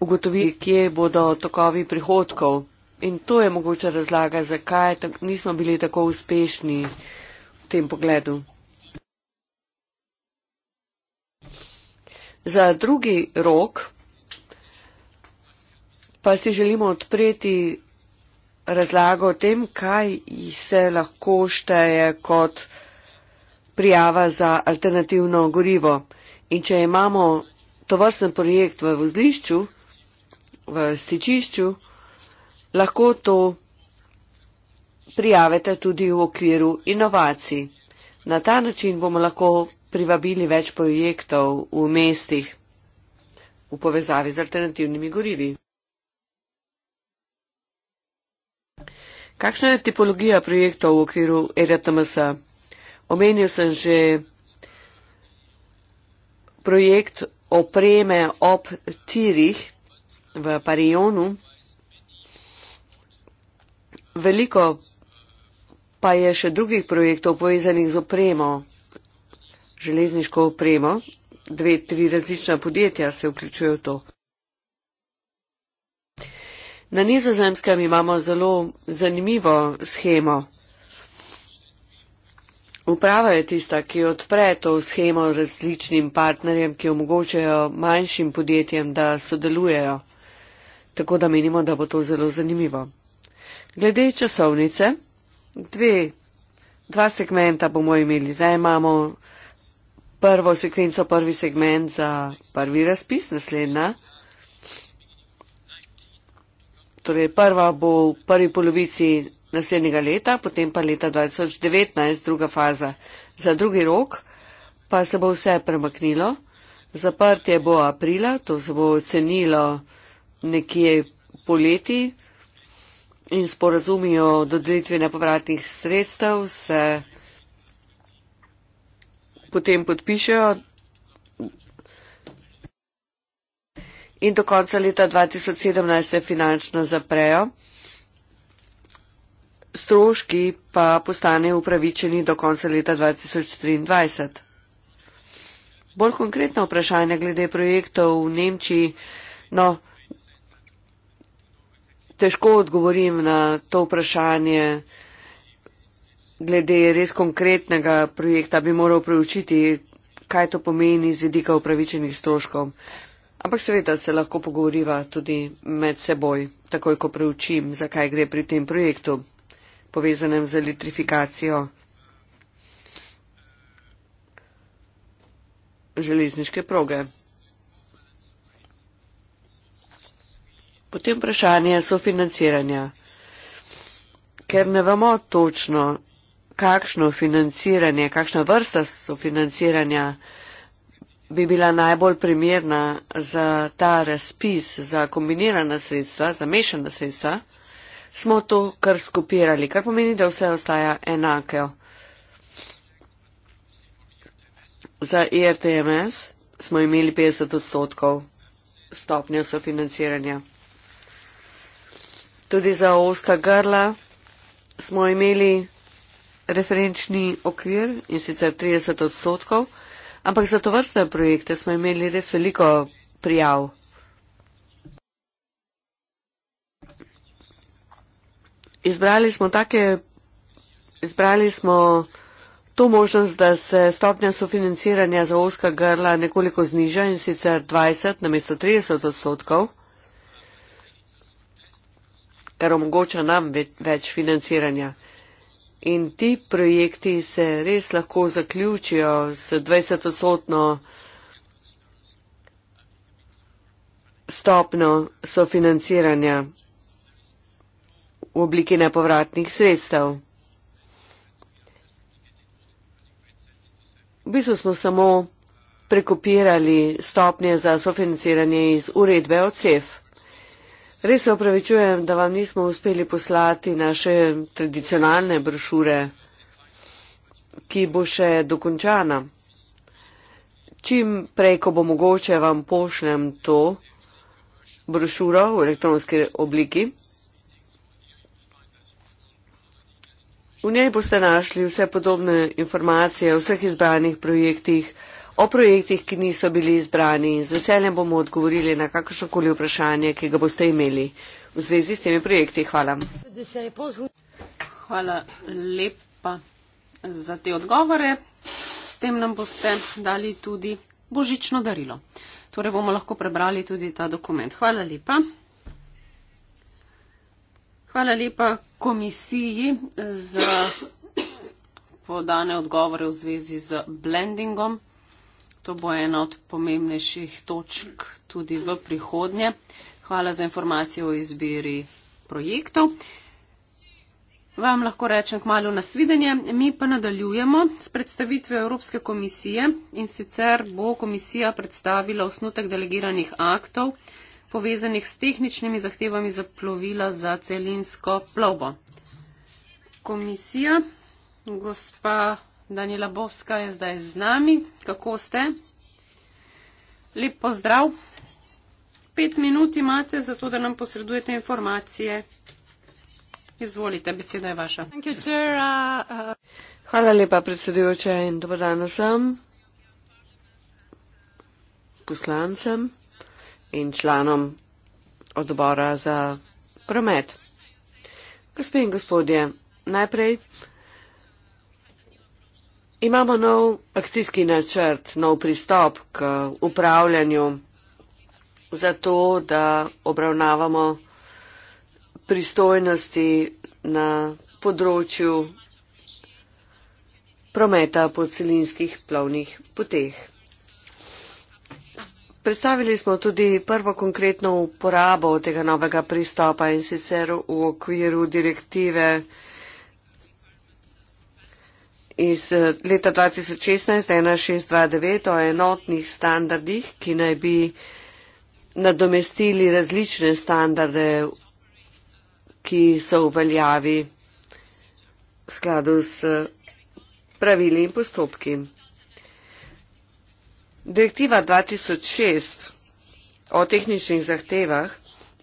ugotoviti, kje bodo tokovi prihodkov in to je mogoče razlaga, zakaj tak, nismo bili tako uspešni v tem pogledu. Za drugi rok pa si želimo odpreti razlago o tem, kaj se lahko šteje kot prijava za alternativno gorivo. In če imamo to vrsten projekt v vozlišču, v stičišču, lahko to prijavite tudi v okviru inovacij. Na ta način bomo lahko privabili več projektov v mestih v povezavi z alternativnimi gorivi. Kakšna je tipologija projektov v okviru RTMS? Omenil sem že projekt opreme ob tirih v Parijonu veliko pa je še drugih projektov povezanih z opremo, železniško opremo. Dve, tri različna podjetja se vključujejo v to. Na nizozemskem imamo zelo zanimivo schemo. Uprava je tista, ki odpre to schemo različnim partnerjem, ki omogočajo manjšim podjetjem, da sodelujejo. Tako da menimo, da bo to zelo zanimivo. Glede časovnice, dve, dva segmenta bomo imeli. Zdaj imamo prvo sekvenco, prvi segment za prvi razpis, naslednja. Torej, prva bo v prvi polovici naslednjega leta, potem pa leta 2019, druga faza. Za drugi rok pa se bo vse premaknilo. Zaprtje bo aprila, to se bo ocenilo nekje poleti in sporazumi o dodelitvi nepovratnih sredstev se potem podpišejo. In do konca leta 2017 se finančno zaprejo, stroški pa postanejo upravičeni do konca leta 2023. Bolj konkretno vprašanje glede projektov v Nemčiji. No, težko odgovorim na to vprašanje glede res konkretnega projekta, bi moral preučiti, kaj to pomeni z vidika upravičenih stroškov. Ampak seveda se lahko pogovoriva tudi med seboj, takoj ko preučim, zakaj gre pri tem projektu, povezanem z elektrifikacijo železniške proge. Potem vprašanje sofinanciranja. Ker ne vemo točno, kakšno financiranje, kakšna vrsta sofinanciranja bi bila najbolj primerna za ta razpis za kombinirana sredstva, za mešana sredstva, smo to kar skopirali, kar pomeni, da vse ostaja enake. Za IRTMS e smo imeli 50 odstotkov stopnje sofinanciranja tudi za ozka grla smo imeli referenčni okvir in sicer 30 odstotkov, ampak za to vrste projekte smo imeli res veliko prijav. Izbrali smo, take, izbrali smo to možnost, da se stopnja sofinanciranja za ozka grla nekoliko zniža in sicer 20 namesto 30 odstotkov kar omogoča nam več financiranja. In ti projekti se res lahko zaključijo z 20-odstotno stopno sofinanciranja v obliki nepovratnih sredstev. V bistvu smo samo prekopirali stopnje za sofinanciranje iz uredbe OCEF. Res se opravičujem, da vam nismo uspeli poslati naše tradicionalne brošure, ki bo še dokončana. Čim prej, ko bo mogoče, vam pošljem to brošuro v elektronski obliki. V njej boste našli vse podobne informacije o vseh izbranih projektih, o projektih, ki niso bili izbrani. Z veseljem bomo odgovorili na kakršnokoli vprašanje, ki ga boste imeli v zvezi s temi projekti. Hvala.
Hvala lepa za te odgovore. S tem nam boste dali tudi božično darilo. Torej bomo lahko prebrali tudi ta dokument. Hvala lepa. Hvala lepa komisiji za podane odgovore v zvezi z blendingom. To bo ena od pomembnejših točk tudi v prihodnje. Hvala za informacije o izbiri projektov. Vam lahko rečem k malu nasvidenje. Mi pa nadaljujemo s predstavitvijo Evropske komisije in sicer bo komisija predstavila osnutek delegiranih aktov povezanih s tehničnimi zahtevami za plovila za celinsko plovbo. Komisija, gospa Daniela Bovska je zdaj z nami. Kako ste? Lep pozdrav. Pet minut imate za to, da nam posredujete informacije. Izvolite, beseda je vaša. Uh, uh,
Hvala lepa, predsedujoče in dobro dan vsem poslancem in članom odbora za promet. Gospe in gospodje, najprej Imamo nov akcijski načrt, nov pristop k upravljanju za to, da obravnavamo pristojnosti na področju prometa po celinskih plovnih poteh. Predstavili smo tudi prvo konkretno uporabo tega novega pristopa in sicer v okviru direktive iz eh, leta 2016-1629 o enotnih standardih, ki naj bi nadomestili različne standarde, ki so v veljavi v skladu s eh, pravili in postopki. Direktiva 2006 o tehničnih zahtevah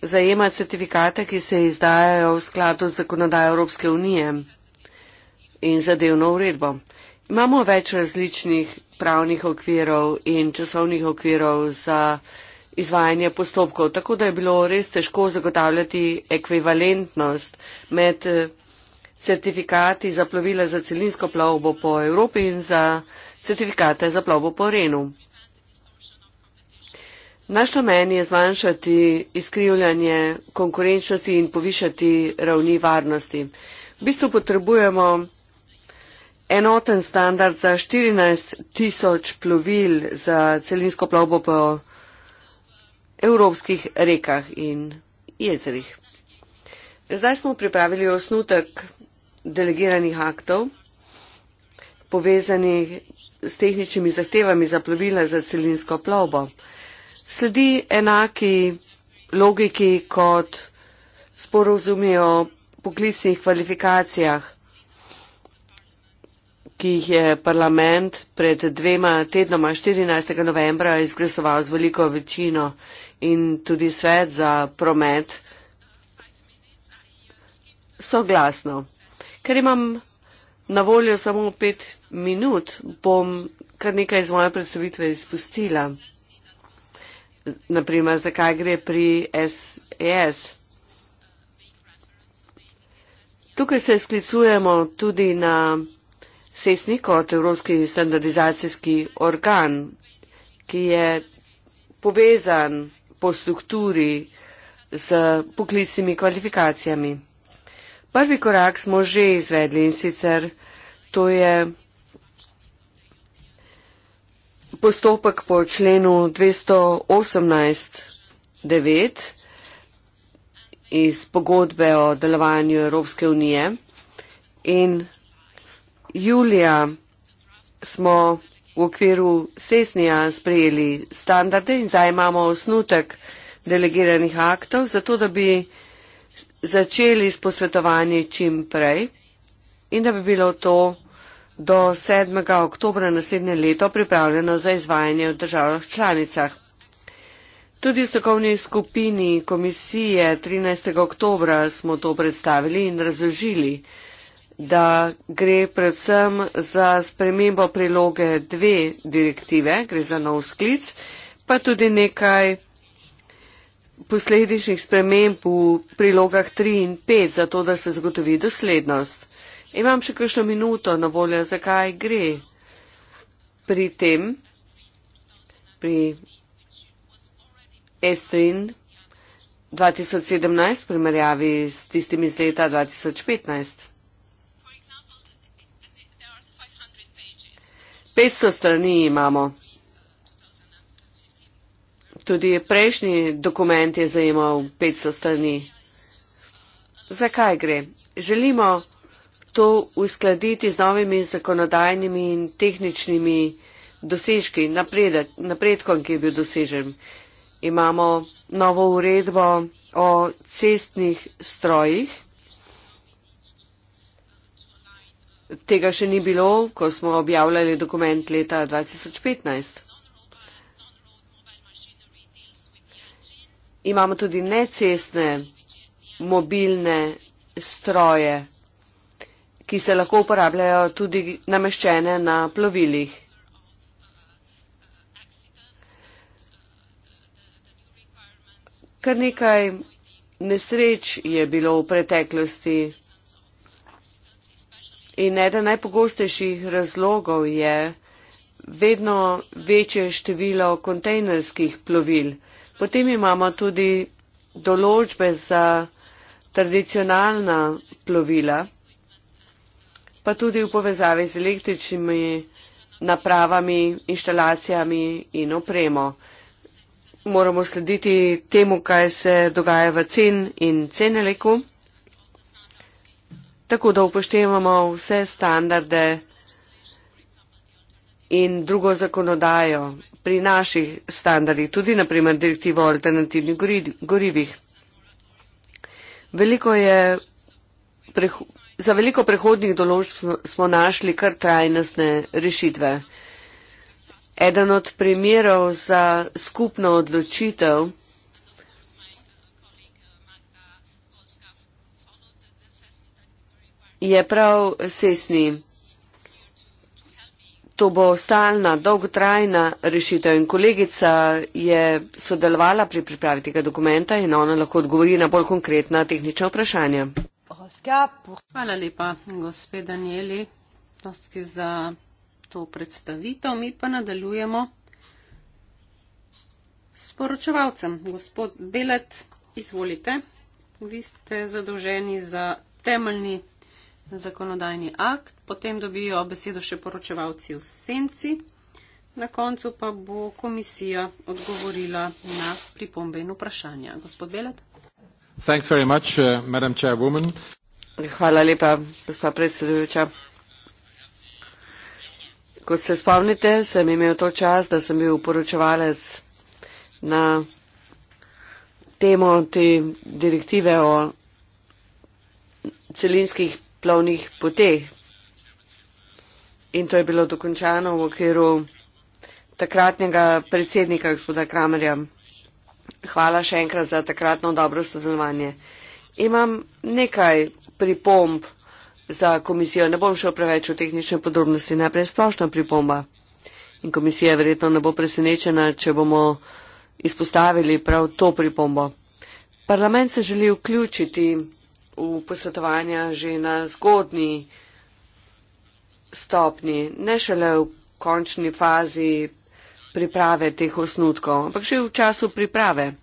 zajema certifikate, ki se izdajajo v skladu z zakonodajo Evropske unije in zadevno uredbo. Imamo več različnih pravnih okvirov in časovnih okvirov za izvajanje postopkov, tako da je bilo res težko zagotavljati ekvivalentnost med eh, certifikati za plovila za celinsko plavbo po Evropi in za certifikate za plavbo po Renu. Naš namen je zmanjšati izkrivljanje konkurenčnosti in povišati ravni varnosti. V bistvu potrebujemo enoten standard za 14 tisoč plovil za celinsko plavbo po evropskih rekah in jezerih. Zdaj smo pripravili osnutek delegiranih aktov, povezanih s tehničnimi zahtevami za plovila za celinsko plavbo. Sledi enaki logiki kot sporozumijo poklicnih kvalifikacijah ki jih je parlament pred dvema tednoma 14. novembra izglasoval z veliko večino in tudi svet za promet soglasno. Ker imam na voljo samo pet minut, bom kar nekaj iz moje predstavitve izpustila. Naprimer, zakaj gre pri SES. E Tukaj se sklicujemo tudi na CESNI kot Evropski standardizacijski organ, ki je povezan po strukturi z poklicnimi kvalifikacijami. Prvi korak smo že izvedli in sicer to je postopek po členu 218.9 iz pogodbe o delovanju Evropske unije in julija smo v okviru sesnija sprejeli standarde in zdaj imamo osnutek delegiranih aktov, zato da bi začeli s posvetovanji čim prej in da bi bilo to do 7. oktobra naslednje leto pripravljeno za izvajanje v državah članicah. Tudi v strokovni skupini komisije 13. oktobra smo to predstavili in razložili da gre predvsem za spremembo priloge dve direktive, gre za nov sklic, pa tudi nekaj posledičnih sprememb v prilogah 3 in 5, zato da se zagotovi doslednost. Imam še kakšno minuto na voljo, zakaj gre pri tem, pri Estrin 2017, primerjavi s tistimi iz leta 2015. 500 strani imamo. Tudi prejšnji dokument je zajemal 500 strani. Zakaj gre? Želimo to uskladiti z novimi zakonodajnimi in tehničnimi dosežki, napredek, napredkom, ki je bil dosežen. Imamo novo uredbo o cestnih strojih. tega še ni bilo, ko smo objavljali dokument leta 2015. Imamo tudi necestne mobilne stroje, ki se lahko uporabljajo tudi nameščene na plovilih. Kar nekaj nesreč je bilo v preteklosti. In eden najpogostejših razlogov je vedno večje število kontejnerskih plovil. Potem imamo tudi določbe za tradicionalna plovila, pa tudi v povezavi z električnimi napravami, inštalacijami in opremo. Moramo slediti temu, kaj se dogaja v cen in ceneliku tako da upoštevamo vse standarde in drugo zakonodajo pri naših standardih, tudi naprimer direktivo o alternativnih gorivih. Veliko je Za veliko prehodnih določb smo našli kar trajnostne rešitve. Eden od primerov za skupno odločitev je prav sesni. To bo stalna, dolgotrajna rešitev in kolegica je sodelovala pri pripravi tega dokumenta in ona lahko odgovori na bolj konkretna tehnična vprašanja.
Hvala lepa, gospod Danieli, za to predstavitev. Mi pa nadaljujemo s poročevalcem. Gospod Belet, izvolite. Vi ste zadolženi za temeljni zakonodajni akt, potem dobijo besedo še poročevalci v senci, na koncu pa bo komisija odgovorila na pripombe in vprašanja. Gospod Belet. Much, uh,
Hvala lepa, gospa predsedujoča. Kot se spomnite, sem imel to čas, da sem bil poročevalec na temo te direktive o celinskih plovnih poteh. In to je bilo dokončano v okviru takratnega predsednika gospoda Kramerja. Hvala še enkrat za takratno dobro sodelovanje. Imam nekaj pripomb za komisijo, ne bom šel preveč v tehnične podrobnosti, najprej splošna pripomba. In komisija verjetno ne bo presenečena, če bomo izpostavili prav to pripombo. Parlament se želi vključiti v posvetovanja že na zgodni stopni, ne šele v končni fazi priprave teh osnutkov, ampak že v času priprave.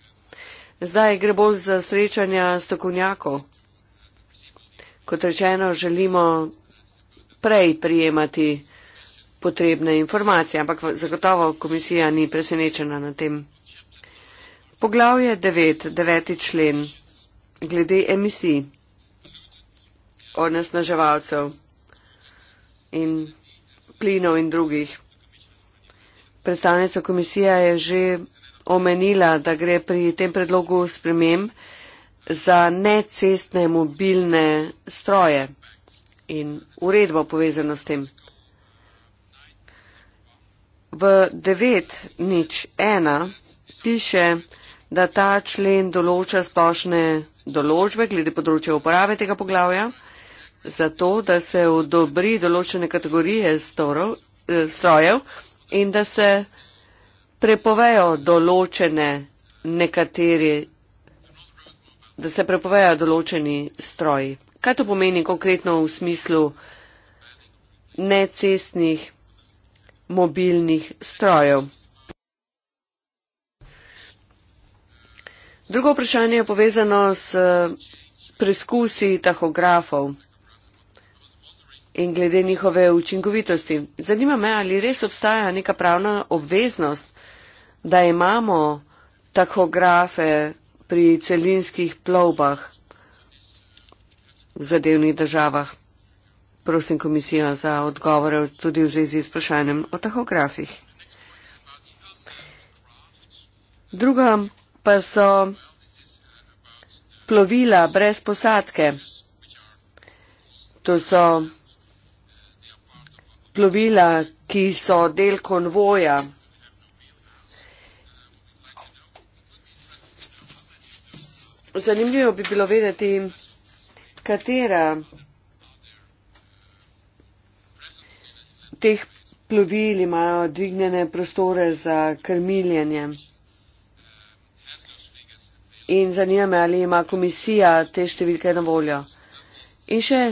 Zdaj gre bolj za srečanja stokovnjakov. Kot rečeno, želimo prej prijemati potrebne informacije, ampak zagotovo komisija ni presenečena na tem. Poglavje 9, 9. člen, glede emisij onesnaževalcev in plinov in drugih. Predstavnica komisija je že omenila, da gre pri tem predlogu spremem za necestne mobilne stroje in uredbo povezano s tem. V 9.1 piše, da ta člen določa splošne določbe glede področja uporabe tega poglavja zato, da se odobri določene kategorije storov, eh, strojev in da se prepovejo določene nekateri, da se prepovejo določeni stroji. Kaj to pomeni konkretno v smislu necestnih mobilnih strojev? Drugo vprašanje je povezano s eh, preskusi tahografov in glede njihove učinkovitosti. Zanima me, ali res obstaja neka pravna obveznost, da imamo takografe pri celinskih plovbah v zadevnih državah. Prosim komisijo za odgovore tudi v zvezi s vprašanjem o tahografih. Druga pa so plovila brez posadke. To so plovila, ki so del konvoja. Zanimivo bi bilo vedeti, katera teh plovil imajo dvignjene prostore za krmiljenje. In zanima me, ali ima komisija te številke na voljo. In še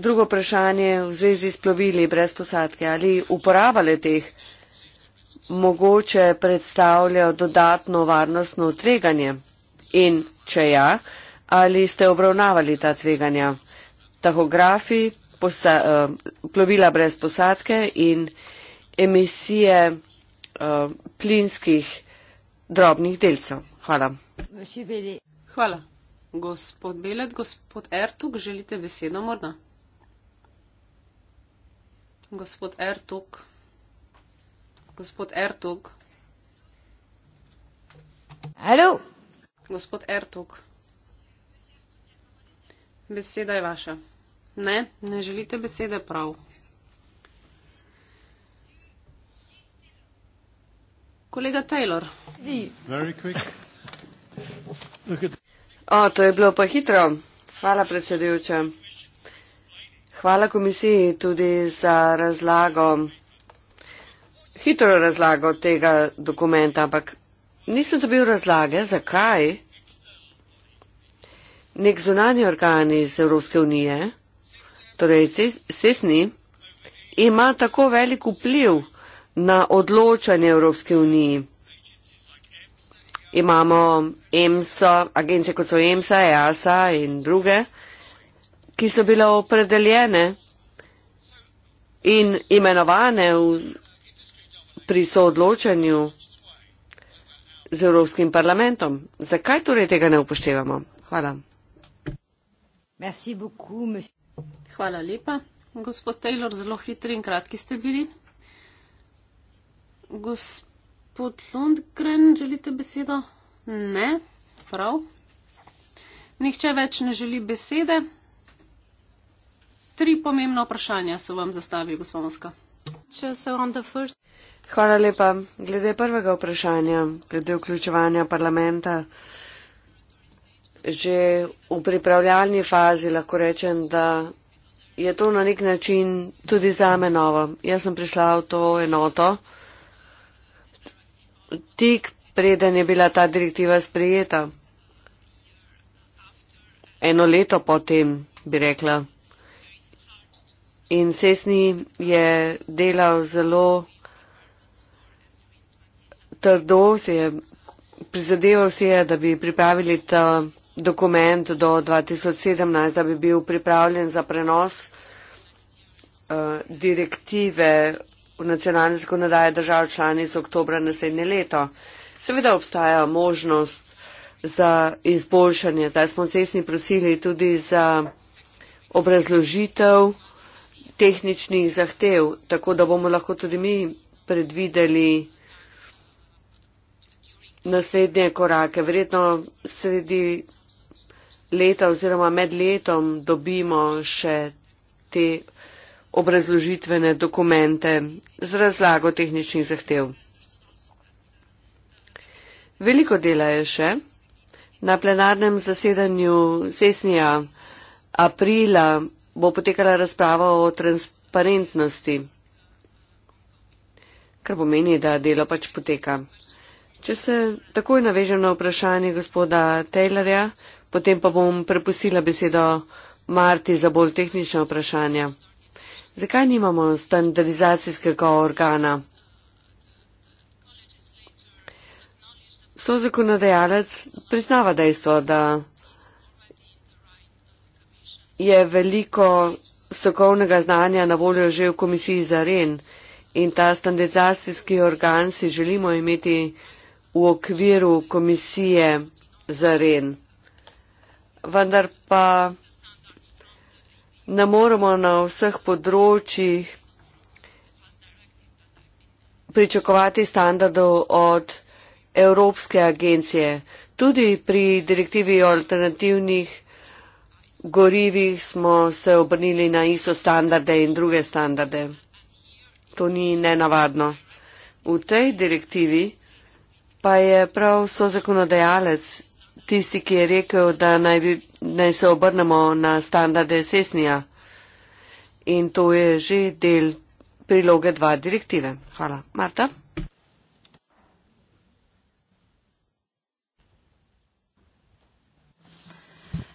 drugo vprašanje v zvezi s plovili brez posadke. Ali uporabale teh mogoče predstavlja dodatno varnostno tveganje? In če ja, ali ste obravnavali ta tveganja? Tahografi, posa, uh, plovila brez posadke in emisije uh, plinskih drobnih delcev. Hvala.
Hvala. Gospod Belet, gospod Ertug, želite besedo morda? gospod Ertug. Gospod Ertug. Alo. Gospod Ertug. Beseda je vaša. Ne, ne želite besede prav.
Kolega Taylor. O, to je bilo pa hitro. Hvala, predsedujoča. Hvala komisiji tudi za razlago, hitro razlago tega dokumenta, ampak nisem dobil razlage, zakaj nek zunanji organ iz Evropske unije, torej SESNI, ima tako velik vpliv na odločanje Evropske unije. Imamo EMSA, agencije kot so EMSA, EASA in druge ki so bile opredeljene in imenovane v, pri soodločanju z Evropskim parlamentom. Zakaj torej tega ne upoštevamo? Hvala.
Hvala lepa, gospod Taylor, zelo hitri in kratki ste bili. Gospod Lundgren, želite besedo? Ne, prav. Nihče več ne želi besede tri pomembna vprašanja so vam zastavili, gospod Moska.
Hvala lepa. Glede prvega vprašanja, glede vključevanja parlamenta, že v pripravljalni fazi lahko rečem, da je to na nek način tudi zame novo. Jaz sem prišla v to enoto. Tik preden je bila ta direktiva sprejeta. Eno leto potem bi rekla. In Sesni je delal zelo trdo, se je prizadeval si je, da bi pripravili ta dokument do 2017, da bi bil pripravljen za prenos eh, direktive v nacionalne zakonodaje držav članic oktobra naslednje leto. Seveda obstaja možnost za izboljšanje. Zdaj smo cestni prosili tudi za obrazložitev tehničnih zahtev, tako da bomo lahko tudi mi predvideli naslednje korake. Verjetno sredi leta oziroma med letom dobimo še te obrazložitvene dokumente z razlago tehničnih zahtev. Veliko dela je še. Na plenarnem zasedanju sesnija aprila bo potekala razprava o transparentnosti, kar pomeni, da delo pač poteka. Če se takoj navežem na vprašanje gospoda Taylorja, potem pa bom prepustila besedo Marti za bolj tehnične vprašanja. Zakaj nimamo standardizacijskega organa? So zakonodajalec priznava dejstvo, da je veliko strokovnega znanja na voljo že v komisiji za REN in ta standardizacijski organ si želimo imeti v okviru komisije za REN. Vendar pa ne moramo na vseh področjih pričakovati standardov od Evropske agencije. Tudi pri direktivi alternativnih gorivih smo se obrnili na ISO standarde in druge standarde. To ni nenavadno. V tej direktivi pa je prav so zakonodajalec tisti, ki je rekel, da naj, bi, naj se obrnemo na standarde sesnija. In to je že del priloge dva direktive. Hvala. Marta?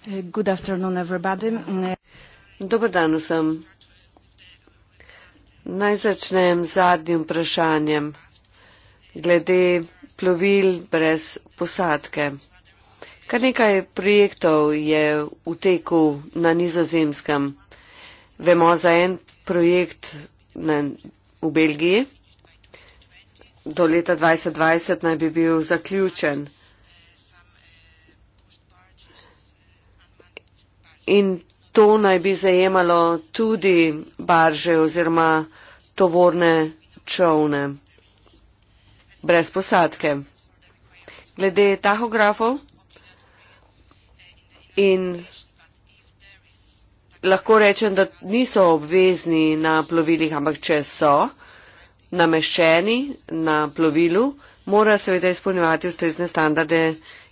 Good afternoon, everybody. Dober dan vsem. Naj začnem z zadnjim vprašanjem glede plovil brez posadke. Kar nekaj projektov je v teku na nizozemskem. Vemo za en projekt na, v Belgiji. Do leta 2020 naj bi bil zaključen. in to naj bi zajemalo tudi barže oziroma tovorne čovne brez posadke. Glede tahografov in lahko rečem, da niso obvezni na plovilih, ampak če so nameščeni na plovilu, mora seveda izpolnjevati ustrezne standarde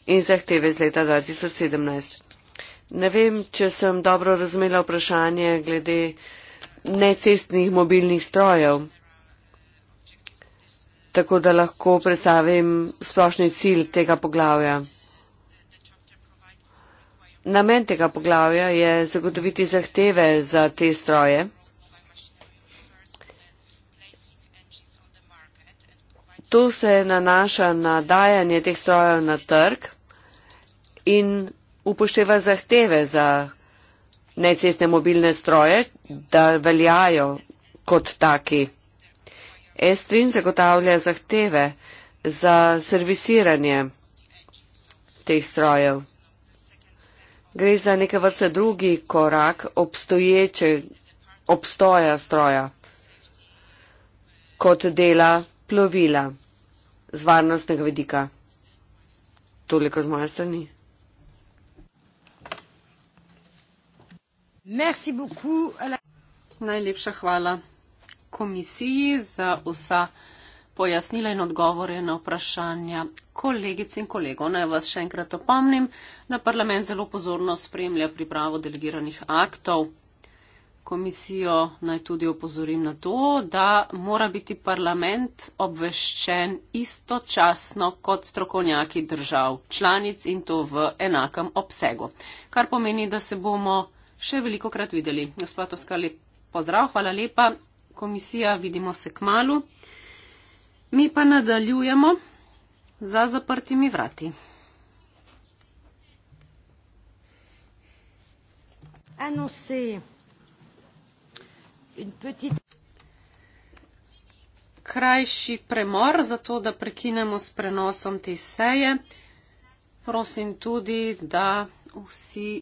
in zahteve z leta 2017. Ne vem, če sem dobro razumela vprašanje glede necestnih mobilnih strojev, tako da lahko predstavim splošni cilj tega poglavja. Namen tega poglavja je zagotoviti zahteve za te stroje, To se nanaša na dajanje teh strojev na trg in upošteva zahteve za necestne mobilne stroje, da veljajo kot taki. S3 zagotavlja zahteve za servisiranje teh strojev. Gre za neke vrste drugi korak obstoječe, obstoja stroja kot dela plovila z varnostnega vidika. Toliko z moje strani.
Najlepša hvala komisiji za vsa pojasnila in odgovore na vprašanja kolegic in kolegov. Naj vas še enkrat opomnim, da parlament zelo pozorno spremlja pripravo delegiranih aktov. Komisijo naj tudi opozorim na to, da mora biti parlament obveščen istočasno kot strokovnjaki držav članic in to v enakem obsegu, kar pomeni, da se bomo še veliko krat videli. Gospod Oskali, pozdrav, hvala lepa, komisija, vidimo se k malu. Mi pa nadaljujemo za zaprtimi vrati. Krajši premor, zato da prekinemo s
prenosom te seje. Prosim tudi, da vsi